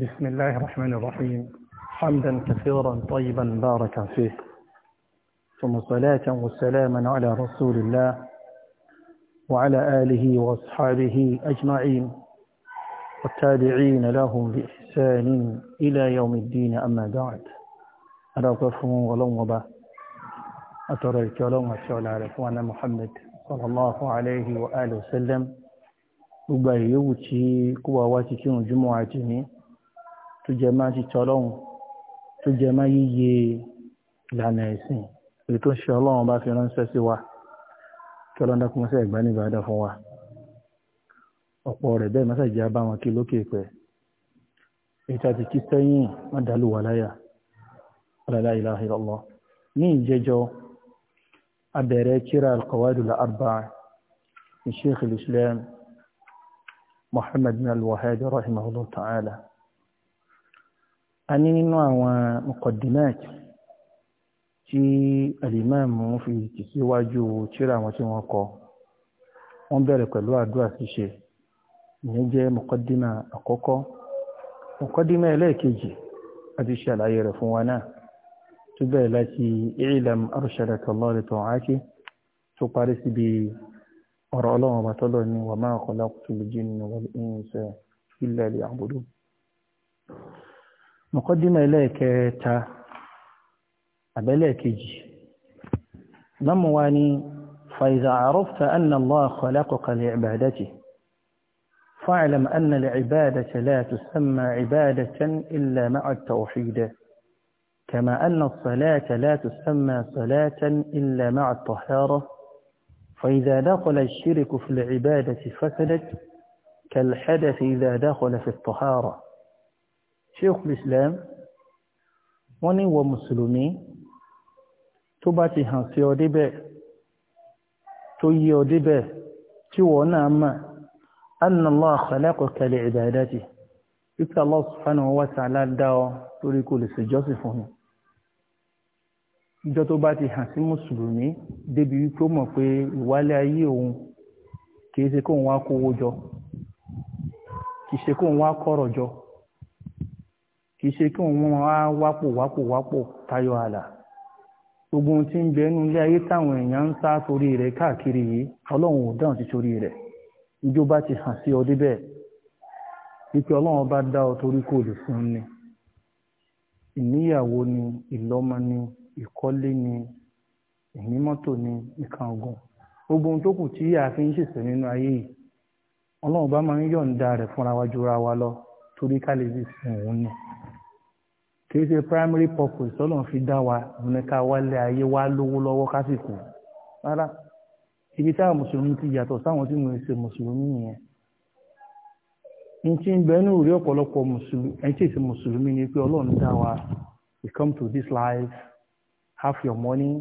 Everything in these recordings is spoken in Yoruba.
بسم الله الرحمن الرحيم حمدا كثيرا طيبا باركا فيه ثم صلاة وسلاما على رسول الله وعلى آله وأصحابه أجمعين والتابعين لهم بإحسان إلى يوم الدين أما بعد ألا تفهموا ولوم وبا أترى الكلام والشعل على إخوان محمد صلى الله عليه وآله وسلم وبيوتي قواتي كون جمعتني tó jẹ máa ti tọ́lọ́hún tó jẹ máa yíyẹ ìlànà ẹ̀sìn èyí tó ń ṣe ọlọ́run bá fi ránṣẹ́ sí wa kí ọlọ́run dákun mọ́sẹ̀ ẹ̀gbá ní ìbàdàn fún wa ọ̀pọ̀ rẹ̀ bẹ́ẹ̀ mọ́sẹ̀ jẹ́ bá wọn kí lókè pẹ́ èyí tá ti kí sẹ́yìn má dàlú wà láyà la ilaha illallah ní ìjẹjọ abẹ̀rẹ̀ kíra alqawaidul arba'a ní islam muhammad bin al rahimahullah ta'ala a ní nínú àwọn mukaddimat tí alimami fi tì síwájú tírà àwọn tí wọ́n kọ wọ́n bẹ̀rẹ̀ pẹ̀lú àdúrà ṣíṣe ìyẹn jẹ́ mukaddima àkọ́kọ́ mukaddima ẹlẹ́ẹ̀kejì àti ṣàlàyé rẹ̀ fún wa náà tó bẹ̀rẹ̀ láti i'lam arshadaka Allah li ta'ati tó parí síbi ọ̀rọ̀ ọlọ́run ọba tọ́lọ̀ ni wa ma khalaqtul jinna wal insa illa liya'budun مقدمة لك تا lọ́mọ wa نمواني فإذا عرفت أن الله خلقك لعبادته فاعلم أن العبادة لا تسمى عبادة إلا مع التوحيد كما أن الصلاة لا تسمى صلاة إلا مع الطهارة فإذا دخل الشرك في العبادة فسدت كالحدث إذا دخل في الطهارة Sheikhul Islam wọ́n ní ìwọ mùsùlùmí tó bá ti hàn sí ọ débẹ̀ tó yí ọ débẹ̀ tí wọ́n náà mọ̀ anna Allah khalaqaka li ibadati wípé Allah subhanahu wa ta'ala dá ọ lórí kò lè ṣèjọ́sìn fún mi ìjọ tó bá ti hàn sí mùsùlùmí débi wípé ó mọ̀ pé ìwálé ayé òun kì í ṣe kóun wá kówó jọ kì í ṣe kóun wá kọ́rọ̀ jọ kì í ṣe kí wọ́n á wápò wápò wápò tayọ ààlà gbogbo ohun tí ń bẹ nínú ilé ayé táwọn èèyàn ń sá torí rẹ káàkiri yìí ò dáhùn torí rẹ̀ ìjọba ti hàn bá dá ọ torí kò lè fún ni ìníyàwó ni ni ni ni nǹkan gbogbo ohun tó kù nínú ayé yìí bá máa ń rẹ fúnra wa jura wa lọ torí ká lè fi ni. kìí ṣe primary purpose tọ́lọ́n fi dá wa ní ká wálé ayé wá lówó lọ́wọ́ kásìkò rárá ibi táwọn mùsùlùmí ti yàtọ̀ sáwọn tí wọ́n ṣe mùsùlùmí nìyẹn n ti ń bẹnu rí ọ̀pọ̀lọpọ̀ mùsùlùmí ẹni tí ì ṣe mùsùlùmí ni pé ọlọ́run dá wa we come to this life have your money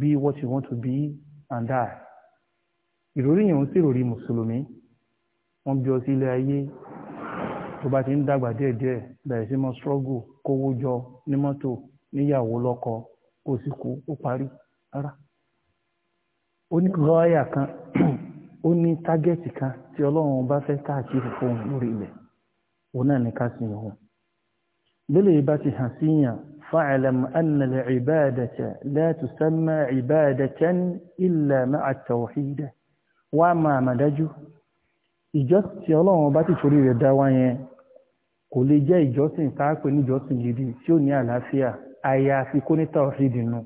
be what you want to be and die ìròrí yẹn ń sí ìròrí mùsùlùmí wọ́n bí ọ sí ilé ayé tó bá ti ń dàgbà díẹ̀díẹ̀ bẹ̀rẹ̀ sí mọ́ struggle kówó jọ ní mọ́tò níyàwó lọ́kọ kó sì kú ó parí rárá. ó ní rọ́ọ̀yà kan ó ní tágẹ́ẹ̀tì kan tí ọlọ́run bá fẹ́ káàkiri fóun lórí ilẹ̀ òun náà ní ká sí òun. bílẹ̀ bá ti hàn síyàn fa'alam anna al-ibadata la tusamma ibadatan illa ma'a at ìjọ tí ọlọ́run bá ti torí rẹ̀ dá wá yẹn kò lè jẹ́ ìjọsìn káàpẹ́ níjọsìn gidi tí ó ní àlàáfíà àyàfi kó ní tawhid nù.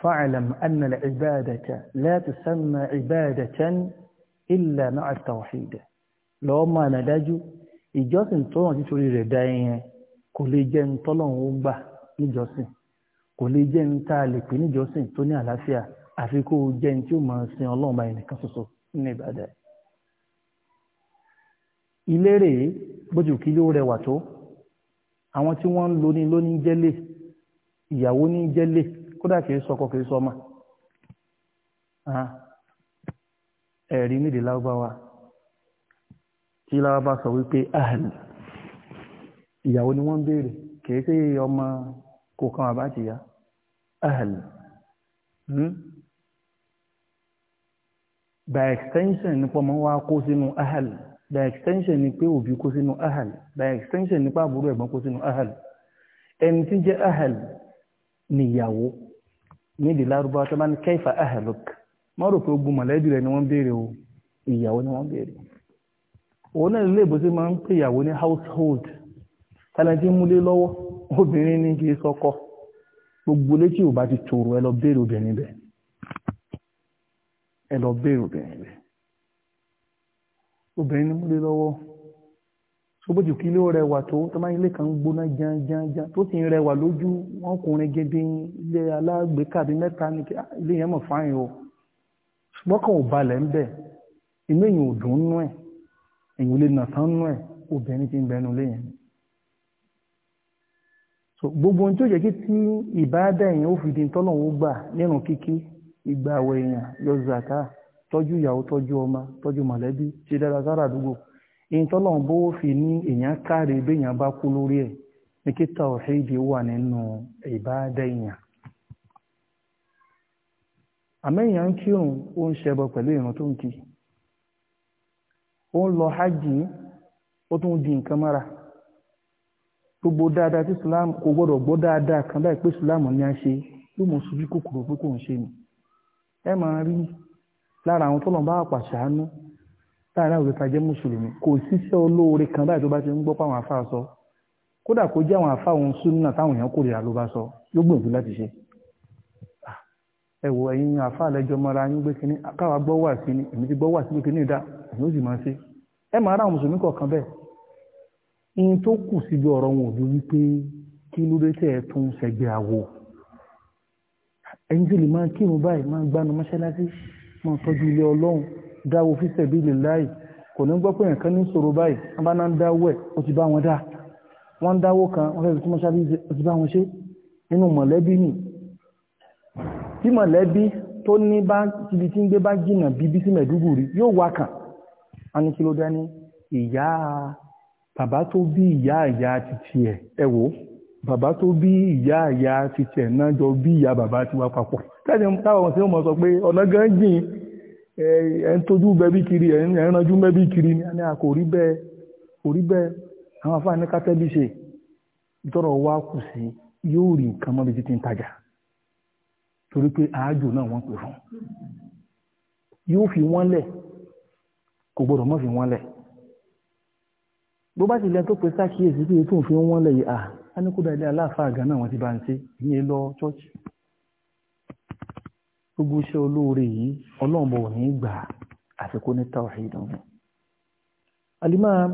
fa'lam anna al-ibadata la tusamma ibadatan illa ma'a at-tawhid lọ́ọ́ máa nà dájú ìjọsìn tó hàn nítorí rẹ̀ dá yẹn kò lè jẹ́ ń tọ́lọ́run ó gbà níjọsìn kò lè jẹ́ ń tá a lè pè níjọsìn tó ní àlàáfíà àfi kó o jẹ́ ń tí ó máa sin ọlọ́run báyìí nìkan ṣoṣo nínú ìbàdàn. ilé rèé bó ti kí ló rẹwà tó àwọn tí wọ́n ń lo ní lóní jẹ́lé ìyàwó ní jẹ́lé kódà kìí sọkọ kìí sọmọ ẹ̀rí nídìí lágbáwá tí lábá sọ wípé ìyàwó ni wọ́n ń béèrè kìí sí ọmọ kò kan àbájìyá ahàlì hmm? by extension nípa ọmọ wa kó sínú ahàlì by extension ni pé òbí kó sínú ahal by extension ni pé àbúrò ẹ̀gbọ́n kó sínú ahal ẹni tí ń jẹ́ ahal níyàwó nídìí lárúbáwá tó bá ní kẹ́fà ahaluk má rò pé ogun mọ̀lẹ́bí rẹ̀ ni wọ́n béèrè o ìyàwó ni wọ́n béèrè òun náà lè bó sí máa ń pè ìyàwó ní household tálẹ́tí múlé lọ́wọ́ obìnrin ní kí sọ́kọ gbogbo létí ò bá ti tòrò ẹ lọ béèrè obìnrin bẹ́ẹ̀ ẹ lọ béèrè obìnrin bẹ́ẹ̀ obìnrin ni mo lè lọ́wọ́ sobójú kí ló rẹwà tó tó máa ilé kan gbóná janjanjan tó sì ń rẹwà lójú wọn kùnrin gidi ilé alágbèéká bíi mẹ́ta ní ah, ilé yẹn mọ̀ fáyìn o ṣùgbọ́n kan ò balẹ̀ ń bẹ̀ inú èyàn ò dùn nú ẹ̀ èyàn ò lè nà tán nú ẹ̀ obìnrin ti ń bẹnu léyìn so gbogbo ohun tí ó jẹ́ kí tí ìbáadá èyàn ó fi di tọ́lọ̀ ó gbà nínú kíkí ìgbà àwọ̀ èyàn yọ zaka tọ́jú ìyàwó tọ́jú ọmọ tọ́jú mọ̀lẹ́bí ṣe dára sára àdúgbò èyí tọ́lọ́run bówó fi ní èèyàn káre béèyàn bá kú lórí ẹ̀ ní kí tàwọ̀hídì wà nínú èèyàn ń kírun ó ń ṣẹbọ pẹ̀lú ìrun tó ń kí ó ń lọ hajj ó tún gbogbo dáadáa tí islam kò gbọdọ̀ gbọ́ dáadáa kan báyìí pé islam a ṣe ló mọ̀ sojú kòkòrò pé kò ń ṣe ni ẹ máa lára àwọn tọ́lọ̀ bá pàṣẹ àánú láàrin àwọn òṣèta jẹ́ mùsùlùmí kò síṣẹ́ olóore kan báyìí tó bá ti ń gbọ́ pàwọn afá sọ kódà kó jẹ́ àwọn afá òun súnà táwọn èèyàn kórìíra ló bá sọ yóò gbìyànjú láti ṣe ah, ẹ wo ẹ̀yin afá àlẹ́jọ́ mọ́ra yín gbé kínní káwa gbọ́ wà sí ni èmi ti gbọ́ wà sí kínní ìdá èmi ó sì máa ṣe ẹ máa rá àwọn mùsùlùmí kọ̀ọ̀kan bẹ́ẹ̀ ihun tó kù síbi ọ̀rọ̀ wọn ò ní wípé kí ló dé tẹ̀ ẹ́ tún ṣẹgbẹ́ àwò ẹ̀yin máa tọ́jú ilé ọlọ́run dáwó fi sabilillahi kò ní gbọ́ pé èèyàn kan ní ìṣòro báyìí wọ́n bá náà ń dáwó ẹ̀ ó ti bá wọn dá wọ́n ń dáwó kan wọ́n fẹ́ẹ́ fi túmọ̀ ṣáájú ó ti bá wọn ṣe nínú mọ̀lẹ́bí nì tí mọ̀lẹ́bí tó ní bá ibi tí ń gbé bá jìnnà bíbí sí Maiduguri yóò wá kàn á ní kí ló dání ìyá bàbá tó bí ìyá ìyá titi ẹ̀ ẹ̀ wò ó bàbá tó bí ìyá ìyá ti tiẹ̀ náà jọ bí ìyá bàbá ti wá papọ̀ táwọn tí wọ́n mọ̀ sọ pé ọ̀nà gan jìn ẹ̀ ń tójú bẹ́bí kiri ẹ̀ ń ranjú bẹ́bí kiri ni a kò rí bẹ́ẹ̀ kò rí bẹ́ẹ̀ àwọn afáà ní kátẹ́bí ṣe ìtọ́rọ̀ wá kù sí yóò rí nǹkan mọ́bi títí ń tajà torí pé àájò náà wọ́n pè fún yóò fi wọ́n lẹ̀ kò gbọ́dọ̀ mọ́ fi wọ́n lẹ̀ bó bá ti lẹ́nu tó pe sákìyèsí pé tó ń wọ́n lẹ̀ yìí à a ní kó dáadáa aláàfáà gan náà wọ́n ti bá ń ṣe ìyẹn lọ chọ́ọ̀chì gbogbo iṣẹ́ olóore yìí ọlọ́ọ̀bọ̀ ò ní gbà àsìkò ní tawhid alimam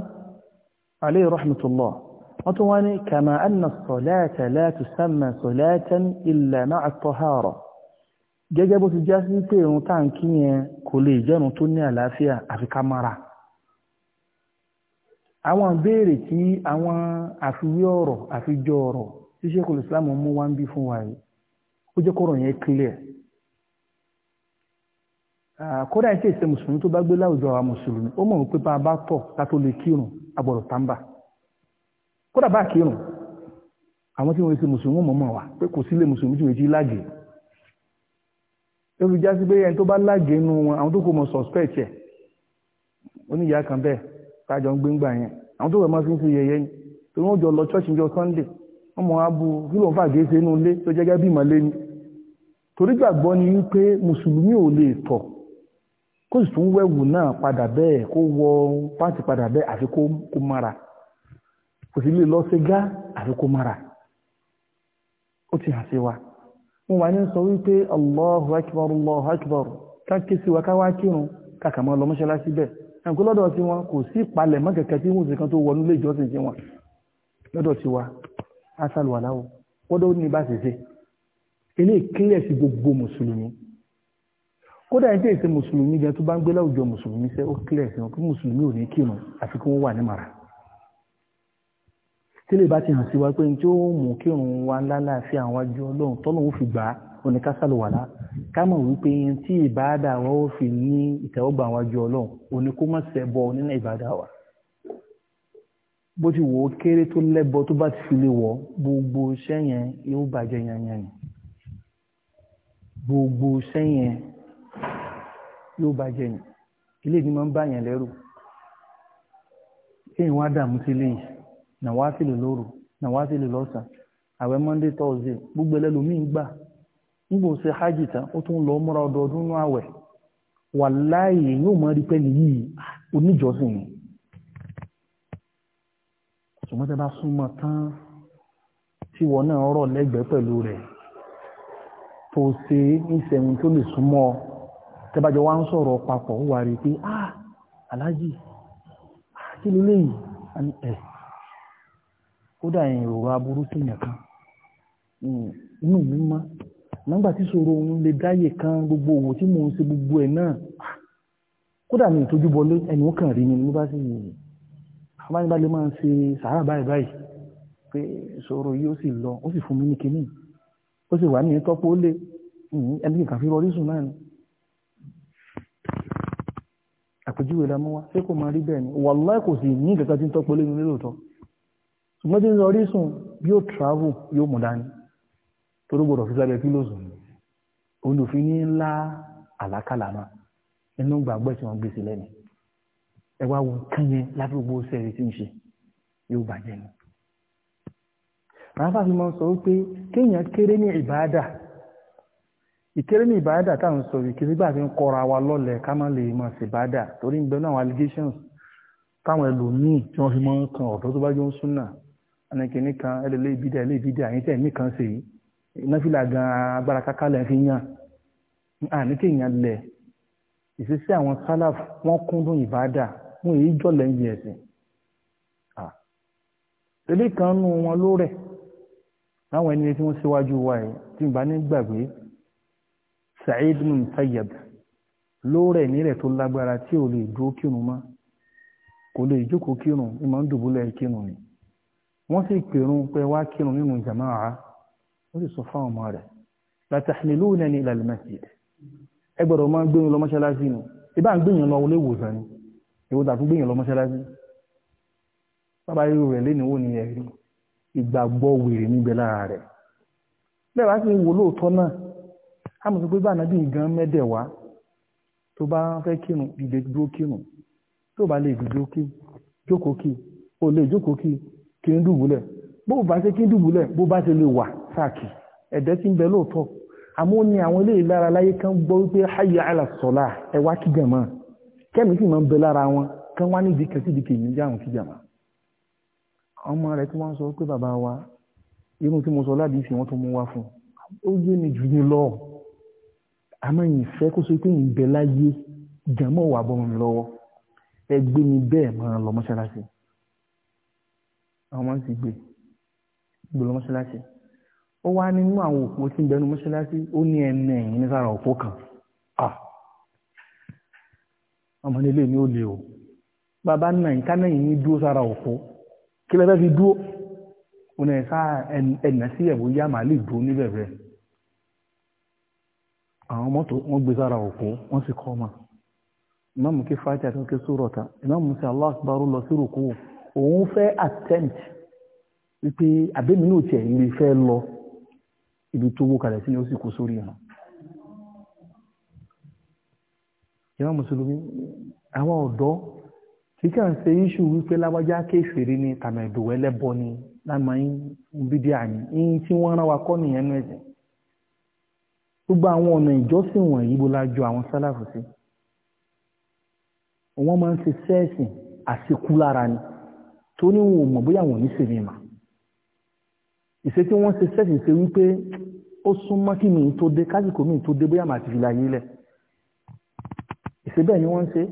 alayhi rahmatullah wọ́n tún wá ní kàmà anna sọ̀láàtà la tusamma sọ̀láàtàn illa ma'a tahara gẹ́gẹ́ bó ti já pé irun táǹkì yẹn kò lè jẹ́rùn tó ní àlàáfíà àfi ká mara àwọn ìbéèrè tí àwọn àfiwé ọ̀rọ̀ àfijọ ọ̀rọ̀ tí Sheikhul Islam mú wá ń bí fún wa yìí ó jẹ́ kọ́rọ̀ yẹn clear kódà iṣẹ́ ìṣe mùsùlùmí tó bá gbé láwùjọ àwọn mùsùlùmí ó mọ̀ pé bá a bá tọ̀ ká tó lè kírun agbọ̀dọ̀ tàǹbà kódà bá kírun àwọn tí wọ́n ṣe mùsùlùmí mọ̀ mọ̀ wá pé kò sílé mùsùlùmí tí wọ́n ti láàgì lórí jásí pé ẹni tó bá láàgì nínú wọn àwọn tó kò mọ̀ suspect ẹ̀ ó kan bẹ́ẹ̀ tájọ ń gbé ńgbà yẹn àwọn tó wẹ̀ máa fi ń ṣe yẹ̀yẹ́ ni torí wọ́n jọ lọ chọ́ọ̀chì jọ sunday wọ́n mọ̀ á bu kí ló ń fàgé ṣe inú ilé tó jẹ́gẹ́ bí ni torí gbàgbọ́ ni wípé mùsùlùmí ò lè tọ̀ kó sì tún wẹ̀wù náà padà bẹ́ẹ̀ kó wọ padà bẹ́ẹ̀ àfi kó mara kò sì lè lọ sọ wípé ká sí wa ká wá kírun ká kà máa lọ mọ́ṣáláṣí bẹ́ẹ̀ ẹ̀kọ́ lọ́dọ̀ tí wọn kò sí ìpalẹ̀ mọ́ kẹ̀kẹ́ tí wọ́n kan tó wọnú lé ìjọsìn tí wọn lọ́dọ̀ tí wa asálùwàláwò kọ́dọ̀ ní bá ṣẹṣẹ ilé ìkílẹ̀ sí gbogbo mùsùlùmí kódà ẹni tí èsì mùsùlùmí gan tó bá ń gbé láwùjọ mùsùlùmí sẹ́ ó kílẹ̀ sí wọn kí mùsùlùmí ò ní kírun àfi kí wọ́n wà ní màrà tí lè bá ti hàn sí wa pé tí ó mú kí òun wá lálàáfíà àwọn àjọ ọlọ́run tọ́lọ́run ó fi gbà á oníkásálùwàlá ká mọ̀ wípé tí ìbáàdà wa ó fi ní ìtẹ́wọ́gbà àwọn àjọ ọlọ́run òní kó má ṣẹbọ nínú ìbáàdà wa bó ti wò ó kéré tó lẹ́bọ tó bá ti fi lè wọ̀ gbogbo iṣẹ́ yẹn yóò bàjẹ́ yanyan gbogbo iṣẹ́ yẹn yóò bàjẹ́ ni ilé ìdí máa ń bá yẹn lẹ́rù kéèyàn wá dààmú sí léyìí na lóru nàwátìlù lọ́sàn àwẹ̀ monday thursday gbogbo ẹlẹ́lòmíín gbà nígbò ṣe hajj tán ó tún lọ múra ọdọọdún ní àwẹ̀ wàláàhí yóò mọ rí pẹ́ẹ́lí yìí ah, oníjọsìn ni ṣùgbọ́n tẹ́ bá súnmọ́ tán tí wọ́n náà rọ̀ lẹ́gbẹ̀ẹ́ pẹ̀lú rẹ̀ tó ṣe ìṣẹ̀yìn tó lè súnmọ́ sọ̀rọ̀ papọ̀ wà rí pé ah, aláàjì ah, kí ló kódà èèyàn ò rọ aburú sèèyàn kan hmm, inú mi mọ́ nígbà tí ṣòro òun lè dáyè kan gbogbo òwò tí mò ń ṣe gbogbo ẹ̀ náà ah, kódà mi ìtọ́jú bọlé ẹni ó kàn rí ni mo bá sì yìí abánibalè máa ń ṣe sàárà báyìí báyìí pé ṣòro yìí ó sì lọ ó sì fún mi ní kinní ó sì wà nìyẹn tọ́pọ̀ ó lé hmm, ẹni kàn fi rọrí sùn náà ni àpèjúwe la mú wa ṣé kò máa rí bẹ́ẹ̀ ni wàláì kò sì ní ìkẹ́kẹ́ tí ń tọ́pọ̀ lé mi lóòótọ́ ṣùgbọ́n tí ń lọ rí sùn yóò travel yóò mú dání torí gbọdọ̀ fi sábẹ́ kí ló sùn olùfin ní ńlá àlákàlàmà inú gbàgbọ́ tí wọ́n gbé sí lẹ́nu ẹ wá wo nǹkan yẹn láti gbogbo sẹ́ẹ̀rì tí ń ṣe yóò bàjẹ́ ni. ràáfà fi máa ń sọ wípé kéèyàn kéré ní ìbáàdà ìkéré ní ìbáàdà tá à ń sọ gbà fi ń kọra wa lọ́lẹ̀ ká má lè máa ṣe ìbáàdà torí ń bẹ náà àwọn allegations táwọn ẹlòmíì tí wọ́n fi máa ń kan ọ̀dọ́ tó bá jọ ń sún náà ẹnìkìní kan ẹlẹ́lẹ́ ìbídà ẹlẹ́ ìbídà àyín tẹ̀ mí kan sèyí náfìlà gan agbára káká lẹ́ fi yàn àní kéèyàn lẹ̀ ìṣesí àwọn sálàf wọ́n kúndùn ìbádà wọn èyí jọ̀lẹ̀ ń yẹ ẹ̀sìn eléyìí kan nù wọn ló láwọn ẹni tí wọ́n síwájú wa ẹ̀ tí n bá ní gbàgbé Sa'id ibn Musayyab ló rẹ̀ nírẹ̀ tó lágbára tí ò lè dúró kírun mọ́ kò lè jókòó kírun ìmọ̀ ń dùbúlẹ̀ kírun ni wọ́n sì pèrún pé wá kírun nínú jàmáà wọ́n sì sọ fáwọn ọmọ rẹ̀ latahmilunani ila al-masjid ẹ gbọ́dọ̀ máa gbé yín lọ mọ́ṣáláṣí nù ibà ń gbé yín lọ ilé ìwòsàn ni èwo tàbí gbé yín lọ mọ́ṣáláṣí bàbá irú rẹ̀ léníwó ni ẹ̀rí ìgbàgbọ́ wèrè níbẹ̀ lára rẹ̀ bẹ́ẹ̀ wá sí wò lóòótọ́ náà a mọ̀ sí pé bá ànábì gan mẹ́dẹ̀ tó bá fẹ́ kírun dìde dúró kírun tó bá lè dúró kí jókòó kí o lè jókòó kí kí n dùbúlẹ̀ bó bá ṣe kí n dùbúlẹ̀ bó bá ṣe lè wà sáàkì ẹ̀dẹ́ tí ń bẹ lóòótọ́ àmọ́ ó ní àwọn ilé ìlara láyé kan gbọ́ wípé hayya ala sọ̀la ẹ wá kí jàmá kẹ́mi sì máa ń bẹ lára wọn kán wá nídìí kẹsí ìdíkè yìí jẹ́ àwọn kí jàmá. ọmọ rẹ̀ tí wọ́n sọ pé bàbá wa irun tí mo sọ ládìí fi wọ́n tó mú wá fún ó yé mi jù ní lọ àmọ́ ìfẹ́ kó so pé ìbẹ̀ láyé jàmọ́ wà bọ́ mi lọ́wọ́ ẹ gbé mi bẹ́ẹ̀ máa lọ mọ́ṣáláṣí àwọn máa ń sì gbòòrò mọ́ṣáláṣí ó wá nínú àwọn òpó tí ń bẹnu mọ́ṣáláṣí ó ní ẹnu ẹ̀yìn nísàrà òpó kan ọmọ nílé mi ò lè o bàbá náà yìí káná yìí ní dúró sára òpó kí lẹ́fẹ́ fi dúró ó náà sá ẹ̀nà sí ẹ̀wò yá màá lè dúró níbẹ̀ rẹ̀ àwọn mọ́tò wọ́n gbé sára òpó wọ́n sì kọ́ ọmọ ìmáàmù kí fàájà tó ké sórọ̀ ta ìmáàmù sí Allahu akbar lọ sí rùkú òun fẹ́ attempt wípé àbẹ́mi náà tiẹ̀ lè fẹ́ lọ ibi tó wó kalẹ̀ sí ni ó sì kó sórí awọn ọdọ mùsùlùmí àwọn ọ̀dọ́ kí kàn ṣe iṣu wípé láwájá kéfèrè ni tàmí ni lámà bídí ní tí wọ́n rán wa kọ́ nìyẹn nú ẹ̀sìn. gbogbo àwọn ọ̀nà wọ̀nyí bó la jọ àwọn sálàfù sí. wọ́n máa ń ṣe torí wọn ò mọ̀ bóyá wọn ò ní sèmi mà ìṣe tí wọ́n ṣe sẹ́ẹ̀sì ṣe wípé ó súnmọ́ kí mi tó dé kásìkò mi tó dé bóyá màá ti fi láyé lẹ̀ ìṣe bẹ́ẹ̀ ni wọ́n ń ṣe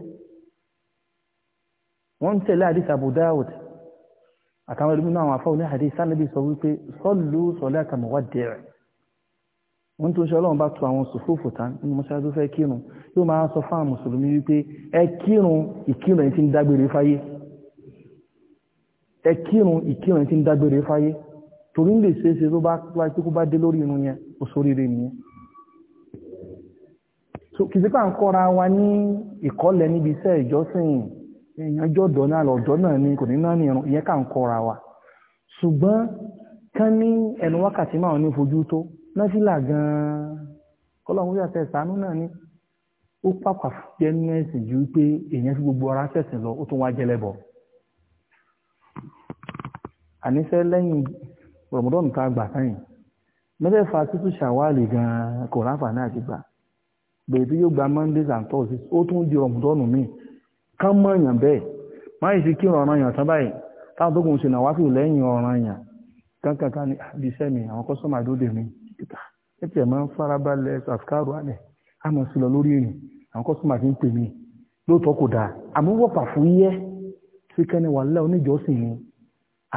wọ́n ń tẹ̀lé àdìs Abu Dawud àtàwọn ẹlòmínú náà àwọn afáwọn ní àdìs sálẹ́bí sọ wípé sọ́ọ̀lù sọ̀lẹ́ àtàmọ̀wá dẹ̀rẹ̀ wọ́n tó ń ṣe ọlọ́run bá tu àwọn sùfúfù tán nínú mọ́ṣáláṣí fẹ́ kírun yóò máa sọ fáwọn mùsùlùmí wípé ẹ kírun ìkírun ẹni tí ń dágbére fáyé ẹ kírun ìkírun ti ń dágbére fáyé torí ń lè ṣe é ṣe tó bá wáyé tó bá dé lórí irun yẹn òṣòrire nìyẹn so kìsìkà ń kọ́ra wa ní ìkọ́lẹ̀ níbi iṣẹ́ ìjọsìn èèyàn jọ̀dọ̀ náà lọ́jọ́ náà ni kò ní náà nìrun ìyẹn kà ń kọ́ra wa ṣùgbọ́n kán ní ẹnu wákàtí máa ní fojú tó náfìlà gan-an kọ́lọ́hún yóò fẹ́ sànú náà ni ó pàpà fún jẹ́ nínú ẹ̀sìn ju pé èèyàn fi gbogbo ara fẹ̀sìn lọ ó tún wá jẹlẹ́bọ̀ọ́ àníṣe lẹ́yìn rọ̀mọdọ́nù tá a gbà sẹ́yìn mẹ́fẹ̀ẹ̀fà tútù ṣàwálì gan-an kò ráǹfààní àti gbà bèbí yóò gba mondays and thursdays ó tún di rọ̀mọdọ́nù míì ká mọ̀ èèyàn bẹ́ẹ̀ má yìí fi kí ọ̀ràn èèyàn tán báyìí táwọn tó kùn ṣe náà wá sí lẹ́yìn ọ̀ràn èèyàn kankan kan ní àbí ah, iṣẹ́ mi àwọn kọ́sọ́mà lóde mi ẹ tiẹ̀ máa ń farabalẹ̀ àfikàrọ̀ alẹ̀ á mọ̀ sí lọ lórí èèyàn àwọn kọ́sọ́mà fi ń pè mí lóòótọ́ kò dáa àmúwọ̀pà fún yẹ́ síkẹ́ni wàhálà oníjọ́sìn ni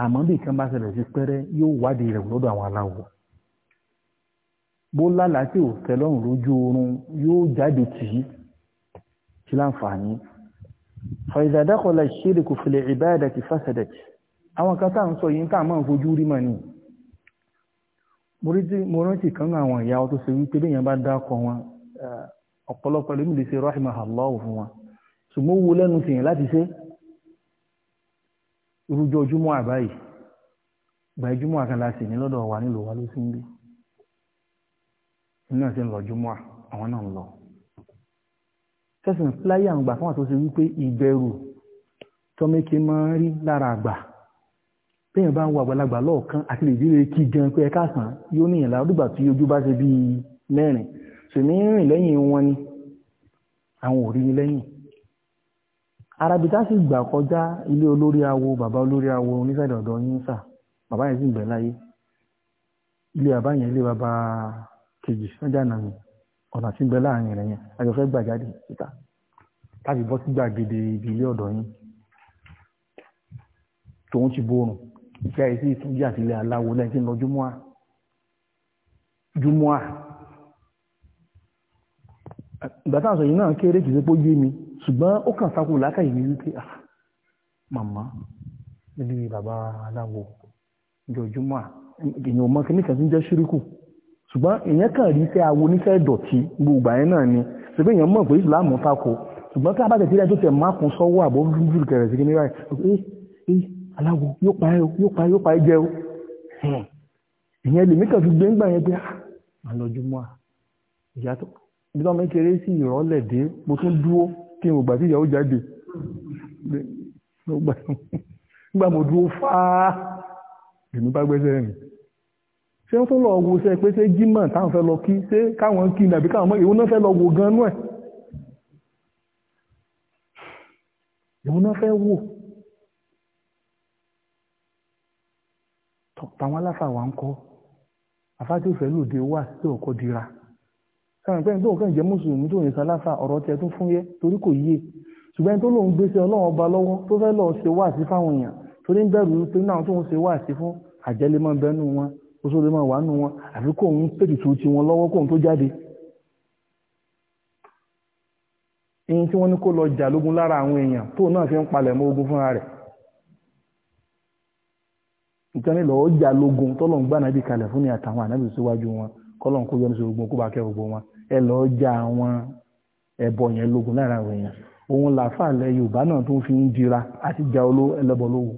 àmọ́ bí nǹkan bá ṣẹlẹ̀ sí pẹ́rẹ́ yóò wádìí rẹ̀ lọ́dọ̀ àwọn aláwọ̀ bó lálàá tí ò tẹ́ lọ́rùn lójú oorun yóò jáde tì í sí láǹfààní fàìdàdákọ̀lá ṣírí kò fìlẹ̀ ìbáyàdà ti fásẹ̀dẹ̀ àwọn kan tá à ń sọ yìí tá à máa ń fojú rí màní mo rántí kan àwọn ìyá tó ṣe wípé bẹ́yàn bá dákọ̀ wọn eh, ọ̀pọ̀lọpọ̀ lómi lè ṣe wọn ṣùgbọ́n wo lẹ́nu tìyàn láti ṣe irújọ́ ojúmọ́ àbáyé ìgbà ìjúmọ́ àkànlá sì ní lọ́dọ̀ wà nílò wa ló sí ń bí iná sì ń lọ júmọ́ àwọn náà ń lọ sẹ́sìn fúláyé àwọn ìgbà fún àtúnṣe wípé ìbẹ̀rù tọ́mẹ́kì máa ń rí lára àgbà téèyàn bá ń wo àgbàlagbà lọ́ọ̀kan àti lè díire kí gan pé ẹ̀ka sàn yóò níyàn lára dùgbà tí ojú bá ṣe bíi mẹ́rin sèmi ń rìn lẹ́yìn wọn ni àwọn ò rí ni lẹ́yìn arabita sì gbà kọjá ilé olórí awo bàbá olórí awo oníṣẹ́dẹ̀ ọ̀dọ̀ yín sà bàbá yẹn sì ń bẹ láyé ilé bàbá yẹn ilé bàbá kejì sọ́jà náà ni ọ̀nà tí ń bẹ láàrin rẹ̀ yẹn àjọ fẹ́ gbà jáde síta láti bọ́ sí gbàgede ibi ilé ọ̀dọ̀ yín tòun ti borùn ìfẹ́ àìsí ìtúnjí àti ilé aláwo lẹ́yìn tí ń lọ júmọ́à júmọ́à ìgbà táwọn sọ yìí náà kéré kìí ṣe yé mi ṣùgbọ́n ó kàn sákò lákàyè mi wípé ah màmá níbi bàbá aláwo jọjúmọ́ èèyàn ọmọ kìíní kan ti ń jẹ́ ṣíríkù ṣùgbọ́n èèyàn kàn rí iṣẹ́ awo oníṣẹ́ ìdọ̀tí gbogbo àyẹn náà ni ṣùgbọ́n èèyàn mọ̀ pé ìsìláàmù tako ṣùgbọ́n tí a bá tẹ̀ sílẹ̀ tó tẹ̀ mákun sọ́wọ́ àbọ̀ rúdúrú kẹrẹ̀ sí kíní báyìí ẹ ẹ eh, eh, aláwo yóò pa ẹ yóò pa ẹ yóò pa ẹ jẹ o hmm. ìyẹn lèmi kàn fi gbé ńgbà yẹn pé ah, à lọ́júmọ́ à ìyá tó ibi tó ọmọ sí ìrọ́lẹ̀ dé mo tún dúró kí n ò gbà tí ìyàwó jáde nígbà mo dúró fáá èmi bá gbẹ́sẹ̀ rìn ṣé ń tún lọ wo ṣe pé ṣé jimá táwọn fẹ́ lọ kí ṣé káwọn kí ni àbí káwọn mọ ìwọ náà fẹ́ lọ wo gan nú ẹ̀ ìwọ náà fẹ́ wò tàwọn aláfàwà ń kọ́ afájọ́fẹ́ lòdì wà sí ọkọ̀ dira káwọn ìpẹ́ni tó kàn jẹ́ mùsùlùmí tó yẹ sálásà ọ̀rọ̀ tiẹ̀ tó fún yẹ torí kò yé ṣùgbọ́n tó lòun gbé sí ọlọ́run ọba lọ́wọ́ tó fẹ́ lọ́ọ́ ṣe wáàsí fáwọn èèyàn torí ń bẹ̀rù pé náà tó ń ṣe wáàsí fún àjẹlé máa ń bẹ́nu wọn oṣù lè máa wà nù wọn àfi kóun pètùtù ti wọn lọ́wọ́ kóun tó jáde ẹyin tí wọ́n ní kó lọ jà lógun lára àwọn èèyàn tó náà fi ń palẹ̀ mọ́ ogun fúnra rẹ̀ nǹkan ní lọ́ọ́ jà lógun tọ́lọ̀ ń gbà nábì kalẹ̀ fún ni àtàwọn ànábì síwájú wọn kọ́lọ́n kó yọnu sí gbogbo kó bá kẹ́ gbogbo wọn ẹ lọ́ọ́ já àwọn ẹ̀bọ yẹn lógun lára àwọn èèyàn òun làáfà lẹ Yorùbá náà tó fi ń dira àti já ẹlẹ́bọ lówó.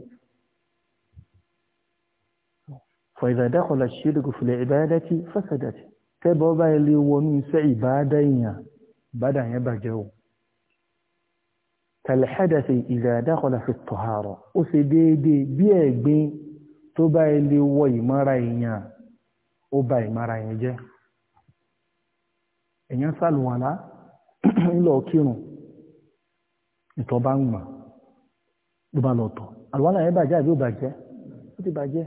فإذا دخل الشرك في العبادة فسدت tẹ́bọ̀ bá ilé wọnú iṣẹ́ ìbáadá èèyàn bádà yẹn bàjẹ́ o kàlẹ́hẹ́dẹ̀sẹ̀ ìdàdákọ̀lá fi tọ̀hárọ̀ ó ṣe déédéé bí ẹ̀gbin tó bá ilé wọ ìmọ́ra èèyàn ó ba ìmara yẹn jẹ́ èèyàn sàlùwàlá ńlọ kírun ìtọ̀ bá ń gbọ̀n ló bá lọ tọ̀ àlùwàlá yẹn bàjẹ́ àbí ó bàjẹ́ ó ti bàjẹ́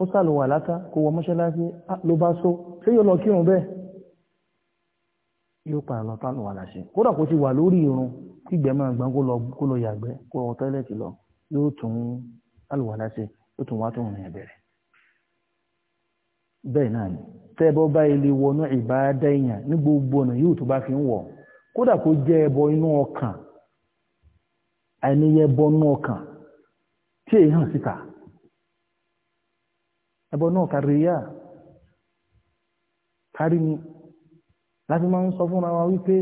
ó sàlùwàlá tán kó wọ mọ́ṣáláṣí ló bá só ṣé yóò lọ kírun bẹ́ẹ̀ yóò padà lọ sàlùwàlá ṣe kódà kó ti wà lórí irun tí ìgbẹ́ máa gbọ́n kó lọ yàgbẹ́ kó lọ lọ yóò tún sàlùwàlá ṣe yóò tún wá tó rìn ẹ̀bẹ̀rẹ̀ bẹ́ẹ̀ náà ni tẹ́bọ́ bá ilé wọnú ìbáadá èèyàn ní gbogbo ọ̀nà yóò tó bá fi ń wọ̀ kódà kó jẹ́ ẹbọ inú ọkàn àìníyẹ ẹbọ inú ọkàn tí èyí hàn síta ẹbọ náà yá kárí ni láti máa ń sọ fúnra wa wípé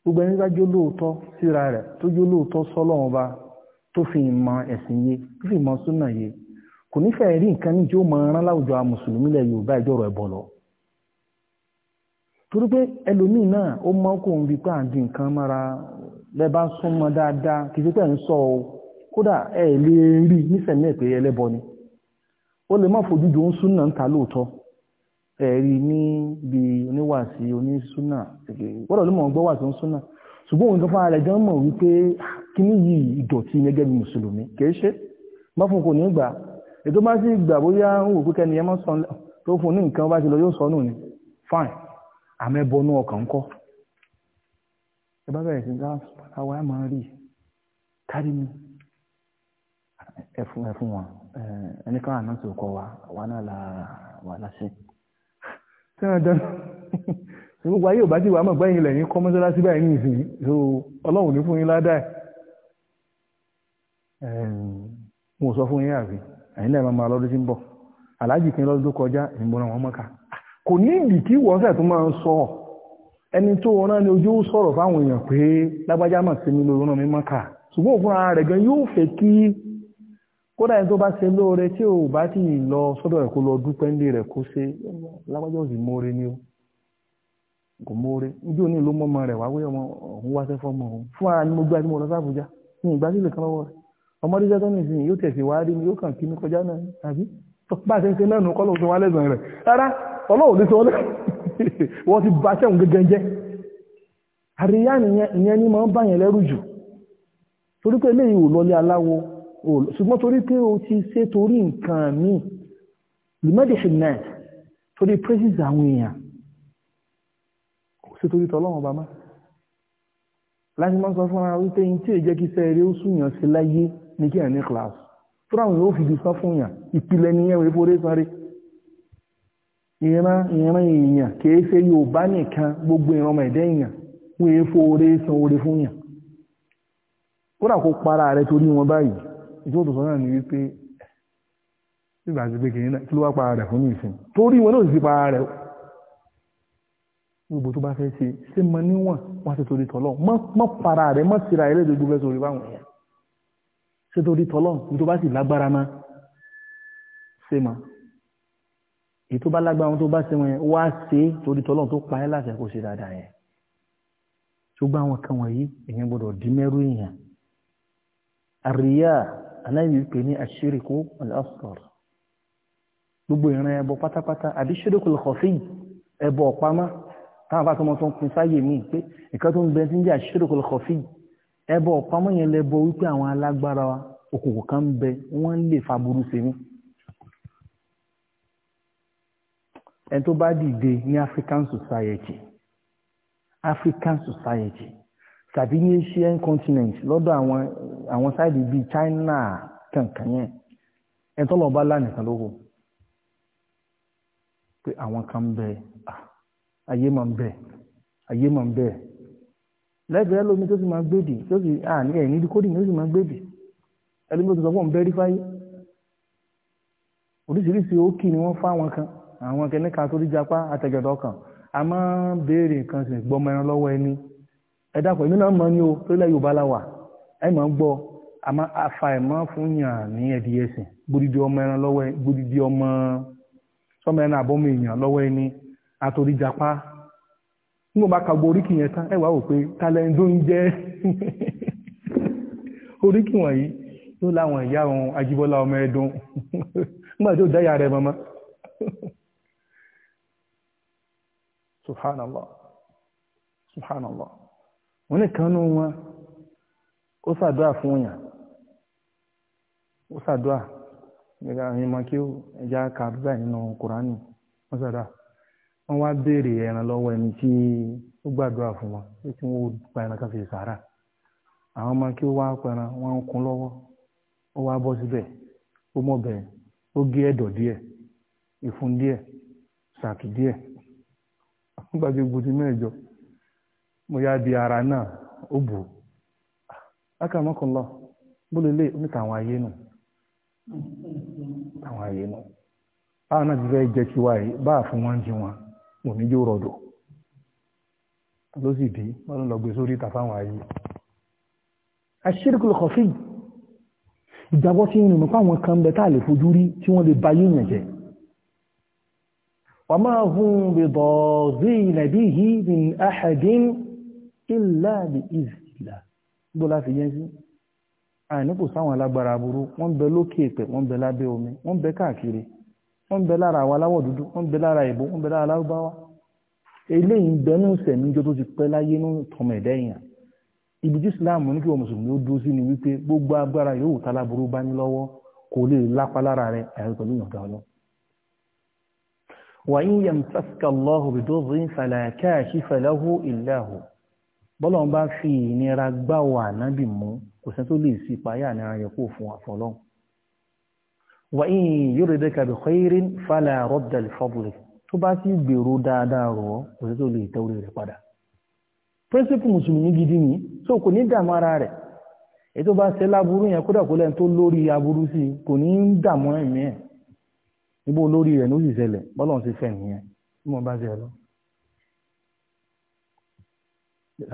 gbogbo ẹni bá jó lóòótọ́ síra rẹ̀ tó jó lóòótọ́ sọ́lọ́run ba tó fi ìmọ̀ ẹ̀sìn yé tó fi ìmọ̀ súnà yé kò nífẹ̀ẹ́ rí nǹkan ní jó máa rán láwùjọ a mùsùlùmí lẹ̀ yorùbá ìjọrọ̀ ẹ̀bọ̀ lọ torí pé ẹlòmíì náà ó mọ́ kó ń pé à nǹkan mára lẹ́bá dáadáa kì í ṣe pé ń sọ kódà ẹ rí nífẹ̀ẹ́ ó lè má fojú ń ta oníwàásí ló mọ̀ gbọ́ ètò bá sì gbà bóyá ń wò pípẹ́ ni ẹ mọ́ sọ tó fún ní nǹkan bá ti lọ yóò sọ nù ni fine àmẹ́bọnú ọkàn kọ́ ẹ bá bẹ̀rẹ̀ sí ká àwọn ẹ̀ máa rí kárí mi ẹ fún ẹ fún wọn ẹni káwọn àná tó kọ wa àwa náà la wà láṣẹ. ṣé ẹ dáná ṣé gbogbo ayé ò bá ti wà á mọ̀ gbẹ́yìn lẹ́yìn kọ́ mọ́sálásí báyìí ní ìsìn so ọlọ́run ní fún yín ládàá ẹ̀ mo sọ fún yín àbí ẹ̀yin náà máa lọ́dún tí ń bọ̀ aláàjì kí lọ́dún tó kọjá ìmúra wọn mọ́ka kò ní ìdí kí wọ́n fẹ̀ tó máa ń sọ ẹni tó wọn náà ni ojú ó sọ̀rọ̀ fáwọn èèyàn pé lágbájá mà sí mi lórí náà mi mọ́ka ṣùgbọ́n òfin ara rẹ̀ gan yóò fẹ́ kí kódà ẹni tó bá ṣe lóore tí ò bá ti lọ sọ́dọ̀ rẹ̀ kó lọ dúpẹ́ ńlé rẹ̀ kó ṣe lágbájá òsì mọ́re ni ó kò mọ́re níbi òní ló mọ́ ọmọ rẹ̀ wáwé ọmọ òun wáṣẹ́ fọ́mọ òun fún ara ni mo gbé àti mo lọ sábùjá ọmọdé jẹ́ tó nìsín yóò tẹ̀sí wá rí ni yóò kàn kí ní kọjá náà àbí bá a ṣe ń ṣe lẹ́nu kọ́ lóòótọ́ wá lẹ́sàn rẹ̀ rárá ọlọ́run ní sọ wọ́n ti ba sẹ́wọ̀n gẹ́gẹ́ jẹ́ àríyá ìyẹn ni máa ń bá yẹn lẹ́rù jù torí pé eléyìí ò lọlé aláwo ṣùgbọ́n torí pé o ti ṣe torí nǹkan mi lùmọ́dẹ̀ṣẹ̀ náà torí praises àwọn èèyàn kò ṣe torí tọ́lọ́run ọba má láti máa sọ fún ara wípé ní tí èjẹ́ kí sẹ́ẹ̀rẹ́ ó súnyàn sí láyé ní kí ẹ̀ ní class fúráwọn yóò fi di sá fún yàn ìpìlẹ̀ ní ẹ̀wọ̀n ìfowópamọ́ sáré ìran ìran èèyàn kìí ṣe Yorùbá nìkan gbogbo ìran ọmọ ẹ̀dẹ́ èèyàn wọ́n èé fo oore san oore fún yàn kódà kó para rẹ̀ torí wọn báyìí ìjọba tó sọ náà ni wípé nígbà tí pé kìí kí ló wá para rẹ̀ fún ní ìsìn torí wọn náà sì para rẹ̀ gbogbo tó bá fẹ́ ṣe ṣé mo níwọ̀n wọ́n ti torí tọ́lọ́ mọ́ para rẹ̀ mọ́ síra ẹlẹ́dẹ̀ẹ́dẹ́gbẹ́sọ orí báwọn èèyàn ṣé torí tọ́lọ́ tó bá sì lágbára má ṣe mọ́ èyí tó bá lágbára wọn tó bá ṣe wọn yẹn wá ṣe torí tọ́lọ́ tó pa ẹ́ láṣẹ kó ṣe dáadáa yẹn ṣùgbọ́n àwọn kan wọ̀nyí èèyàn gbọ́dọ̀ dín mẹ́rú èèyàn àríyá aláìní pè ní àṣírìkú al gbogbo ìran ẹbọ pátápátá àbí ṣírìkú al-khafi ẹbọ ọ̀pamá táwọn bá tọmọ tó ń pin sáyè míì pé ìkan tó ń bẹ ẹbọ ọ̀pamọ́ yẹn lẹ́bọ wípé àwọn alágbára òkùnkùn kan ń bẹ wọ́n lè faburú sí mi. ẹni tó bá dìde ní African Society African Society tàbí ní Asian continent lọ́dọ̀ àwọn àwọn sáìdì bíi China kankan yẹn ẹni tó lọ́ọ́ bá lánìkan lóko pé àwọn kan ń bẹ ayé máa ń bẹ ayé máa ń bẹ. lẹ́gbẹ̀ẹ́ lómi tó sì máa gbèdè tó sì àní ẹ̀yìn nídìí kódì tó sì máa gbèdè ẹlẹ́gbẹ́ tó sọ fún bẹ́rí fáyé oríṣiríṣi òkì ni wọ́n kan àwọn kan a máa ń béèrè nǹkan sì gbọ́mọ ẹran lọ́wọ́ ẹni ẹ dàpọ̀ náà mọ ni o torílẹ̀ Yorùbá la wà ẹ máa ń gbọ́ àmọ́ afa ẹ̀ máa fún yàn ní ọmọ ẹran lọ́wọ́ gbódìdí ọmọ sọmọ ẹran èèyàn lọ́wọ́ ẹni ní o bá kàgbọ oríkì yẹn tán ẹwà wò pé tálẹ́ńdó ń jẹ́ oríkì wọ̀nyí yóò láwọn ìyá òun Ajíbọ́lá ọmọ ẹ̀dùn nígbà tí ó dáyà rẹ̀ mọ́mọ́ subhanallah subhanallah wọ́n ní kanú wọn ó sàdúà fún òyàn ó sàdúà nígbà yìí mọ́ kí ó nínú Kùránì wọ́n sàdúà wọ́n wá béèrè ẹran lọ́wọ́ ẹni tí ó gbàdúrà fún wọn pé kí wọ́n pa ẹran kan sàárà àwọn ọmọ kí ó wá pẹran wọ́n ń kun lọ́wọ́ ó wá bọ́ síbẹ̀ ó mọ̀ bẹ̀rẹ̀ ó gé ẹ̀dọ̀ díẹ̀ ìfun díẹ̀ sàkì díẹ̀ mo yá di ara náà ó bù ú ayé nù ayé nù náà ti fẹ́ jẹ́ kí wáyé báà fún wọn jí wọn. òní yóò rọ̀dọ̀ ló sì dé wọ́n lọ gbé sórí ìta fáwọn ayé aṣírìkùlù kọfí ìgbàgbọ́ sí inú nípa àwọn kan bẹ táà lè fojú rí tí wọ́n lè ba yé yẹn jẹ́ wàmá hùn bìbọ̀ sí ìnàbí yìí ní àhàdín ìlà ní ìzìlà gbọ́ láti yẹn sí àní sáwọn alágbára aburú wọ́n bẹ lókè èpè wọ́n bẹ lábẹ́ omi wọ́n bẹ káàkiri wọ́n ń bẹ lára àwọn aláwọ̀ dúdú wọ́n ń bẹ lára ìbò wọ́n ń bẹ lára aláwọ̀báwá eléyìí ń bẹnu sẹ̀míjọ tó ti pẹ́ láyé nínú tọmọ ẹ̀dá èèyàn ibi tí islam ní kí wọn mùsùlùmí ó dúró sí ni wípé gbogbo agbára yòówù tálábùrú bá ní lọ́wọ́ kò lè lápá lára rẹ̀ àyàwó pẹ̀lú ìyọ̀ǹda ọlọ́ wa in yamsaska Allahu bidurrin fala kashifa lahu illa hu bọ́lọ̀ bá fi ìnira gbáwọ̀ ànábì mú kò sẹ́ tó lè sí ipayà ìnira yẹ kó fún àfọlọ́hùn wa in yuridika bi khairin fala radda li fadli tó bá sì gbèrò dáadáa rọ̀ kò sí tó lè tẹ́wọ́lẹ̀ rẹ̀ padà principle mùsùlùmí gidi ni so kò ní dààmú ara rẹ̀ èyí tó bá ṣe láburú yẹn kódà kó lẹ́yìn tó lórí aburú sí i kò ní ń ẹ̀mí ẹ̀ níbo lórí rẹ̀ ló sì ṣẹlẹ̀ bọ́lọ́n ṣe fẹ́ nìyẹn tí mo bá ṣe lọ.